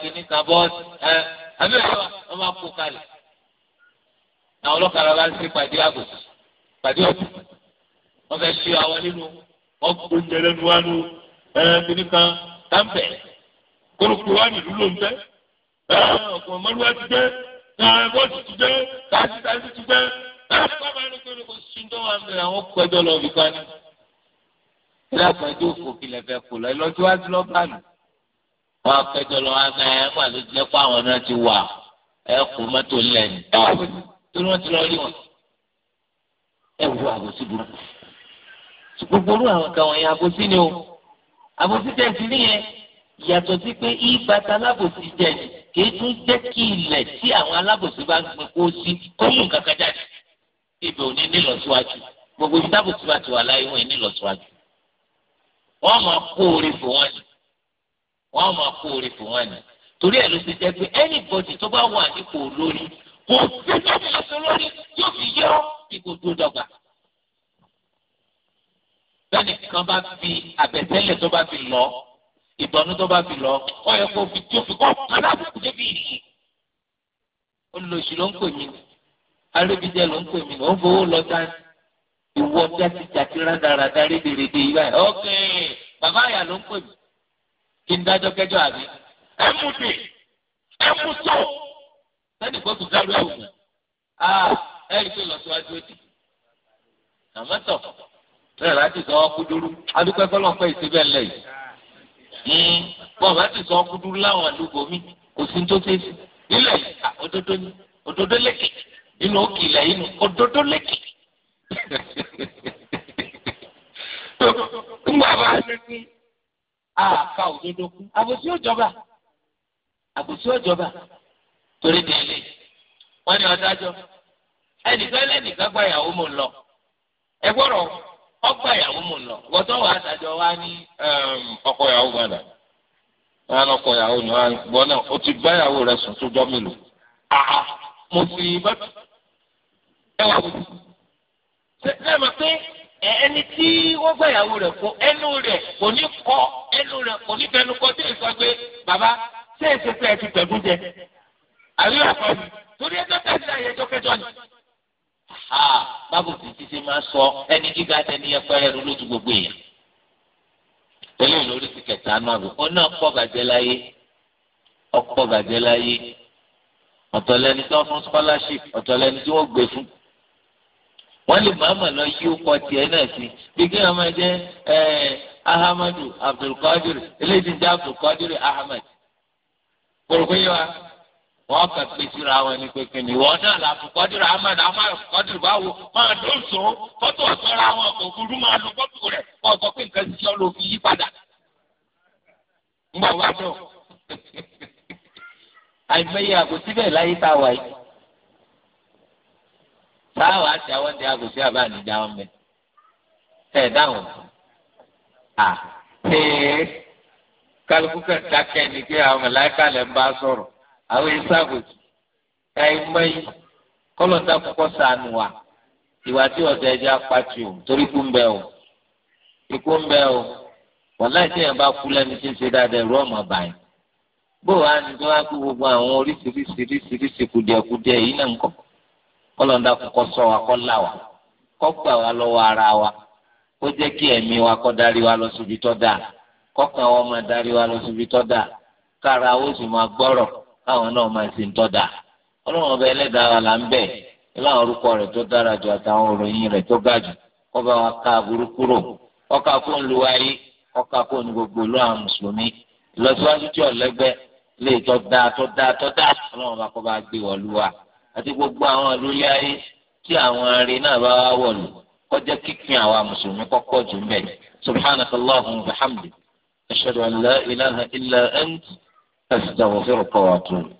kìnnì kan bọ́ọ̀sì abẹ́rẹ́ wa wọ́n máa kó kalẹ̀ àwọn ọlọ́kadà bá ń ṣe pàdé àgùntàn pàdé ọ̀tún wọ́n fẹ́ ṣe àwọn nínú ọkùnrin jẹlẹnu wa nu ẹnìkan kan tàǹfẹ kórópè wa nìlú ló ń fẹ ọkùnrin mọlúwa ti jẹ bọ́ọ̀sì ti jẹ káàsì káàsì ti jẹ bàbá ní pé kò sí tó wà mí àwọn kọjọ lọ bí kan ní. ilé àpàjọ òfò kìlẹ̀ fẹ́ kò lọ ìlọjú wá sí lọ́ba nù. wọn kẹjọ lọ wá gan ẹ wà ló jẹ pé àwọn náà ti wà ẹ kò mọ́tò lẹ́yìn. tó ní wọ́n ti lọ rí wọn. ẹ wo àbòsí burúkú gbogbo orú àwọn kan wọ̀nyẹn àbòsí ni o àbòsí jẹ́ ti níyẹn yàtọ̀ sí pé ìbátan alábòsí jẹ́ ni kì í tún jẹ́ kí ilẹ̀ tí àwọn alábòsí bá ń gbin kó sí kó mú kankan jáde ibẹ̀ ò ní nílọsíwájú gbogbo ibi tábòsí bá ti wà láyé wọn nílọsíwájú wọ́n máa kó orí fún wọn ni wọ́n máa kó orí fún wọn ni torí ẹ̀ ló ti jẹ́ pé anybody tó bá wà nípò olórí kò sí tó ti lọ sí olórí yóò fi yọ ipò tó dọ́gba bẹ́ẹ̀ni kan bá fi àbẹ̀tẹ́lẹ̀ tó bá fi lọ ìbọnú tó bá fi lọ ọ yẹ kó fi tó fi kọ́ alábùkù débi yìí. olùlọ́sì ló ń pè mí arébíjẹ ló ń pè mí ó ń fowó lọ dá ìwọ jáde jáde rádaràdá rédèrèdè yìí báyìí ok bàbá àyà ló ń pè mí kí n dájọ́ kẹjọ́ àbí. ẹ mú mi ẹ mú tó. sẹ́ni kó tún dárú ẹ̀ wò. Ah, ẹ rí i pé lọ́sọ̀wájú ó dì. àmọ́ tọ̀ ẹ bá ti sọ ọkúdúrú adúpẹ́ fọlọ́pẹ́ ìsebẹ̀ ńlẹ̀ yìí hmm, bọ́ọ̀ bá ti sọ ọkúdúrú láwọn àdúgbò mi kò sí tó ṣe é sí ilẹ̀ yìí òdodo ni òdodo lékè inú òkè ilẹ̀ yìí nù òdodo lékè. ńgbà bá ní kí àka òdodo kú àbòsí òjọba àbòsí òjọba torí délé wọn ni ọdájọ ẹnìkan lẹnìkan gbà yàwó mọ lọ ẹ gbọ́dọ̀ ọgbà ìyàwó mu nà gbọ́dọ̀ wà àtàjọ wa ní um, ọkọ ìyàwó gbàdà wọn ọkọ ìyàwó ni wọn gbọ náà ó ti bá ìyàwó rẹ̀ sùn tó jọ mélòó àhà mo sì bá ẹ wà wò ṣe mọ̀ pé ẹni tí wọ́n gbà ìyàwó rẹ̀ fún ẹnu rẹ̀ kò ní kọ ẹnu rẹ̀ kò ní bẹnu kọ tí èso gbé bàbá ṣé èso pé ẹ ti pẹ̀lú jẹ àríwá kan torí ẹjọ́ tẹ̀sí àyẹ̀jọ́ kẹjọ ni bábò títí ṣe máa sọ ẹni gíga tẹni ẹpẹrẹ rú lójú gbogbo èèyàn eléyìí lórí ti kẹta náà rò ó náà pọ̀ bàjẹ́ láyé ọ̀pọ̀ bàjẹ́ láyé ọ̀tọ̀ lẹni tó fún scholarship ọ̀tọ̀ lẹni tí wọ́n gbé fún wọ́n lè máa mọ̀ lọ yí ọkọ̀ tiẹ̀ náà sí bí kí wọ́n máa jẹ́ ahamadu abdulkadir eléyìí ti jẹ́ abdulkadir ahamad kòròkó yẹ wa wọ́n kàn pé síra wọn ní pínpín ni wọ́n náà làbù kọ́dúrà ahmed ahmed kọ́dúrà báwo máa dó so fọ́tò ọ̀sọ́ra wọn kò burú máa lo fọ́tò rẹ̀ wọ́n sọ pé nǹkan ṣiṣẹ́ ló fi yí padà. ńgbà wá dùn àìmọye àgùntí bẹ́ẹ̀ láyé tá a wà yìí sáà wàá ti àwọn ti àgùntí àbá nìjà wọn bẹ́ẹ̀ ẹ̀ dáhùn à ṣe kálukú kẹta kẹ́ni pé àwọn mọ̀láìkà lẹ́ ń bá sọ̀rọ̀ àwọn ìsàbòsì káyìmọ́ yìí kọ́lọ́ńdà kọ́kọ́ sànù wa ìwà tí ọ̀dà ẹja pàtì o torí kú ń bẹ o ikú ń bẹ o wàláì tí yẹn bá kú lẹ́nu tí ń ṣe dáadáa ẹ̀rọ ọ̀mọ̀ báyìí bó wàá ní tí wàá kú gbogbo àwọn oríṣiríṣiríṣi kùdìẹ̀kùdìẹ̀ yìí náà ń kọ́ kọ́lọ́ńdà kọ́kọ́ sọ wa kọ́ là wa kọ́ gbà wá lọ́wọ́ ara wa kó jẹ́ kí ẹ̀mí wa kọ́ darí wa lọ síbi tọ́ dáa kọ́kàn wa máa darí wa lọ síbi tọ́ dáa kára ó sì máa gbọ́rọ̀ káwọn náà máa ṣe ń tọ́da ọlọ́run ọba ẹlẹ́dàá wa là ń bẹ̀ láwọn orúkọ rẹ̀ tó dára jù àtàwọn òròyìn rẹ̀ tó ga jù bá wa ká aburú kúrò ọkà kó ń lu ayé ọkà kó gbogbo àwọn mùsùlùmí ìlọsíwájú tí ọ̀lẹ́gbẹ́ lè tọ́ da tọ́ da tọ́ da ọlọ́run ọba gbogbo àwọn ayé tí àwọn arin náà bá wá wọ̀lú kọjá kíkín mùsùlùmí kọ́kọ́ jù ń bẹ̀ wa أستغفرك وأتوب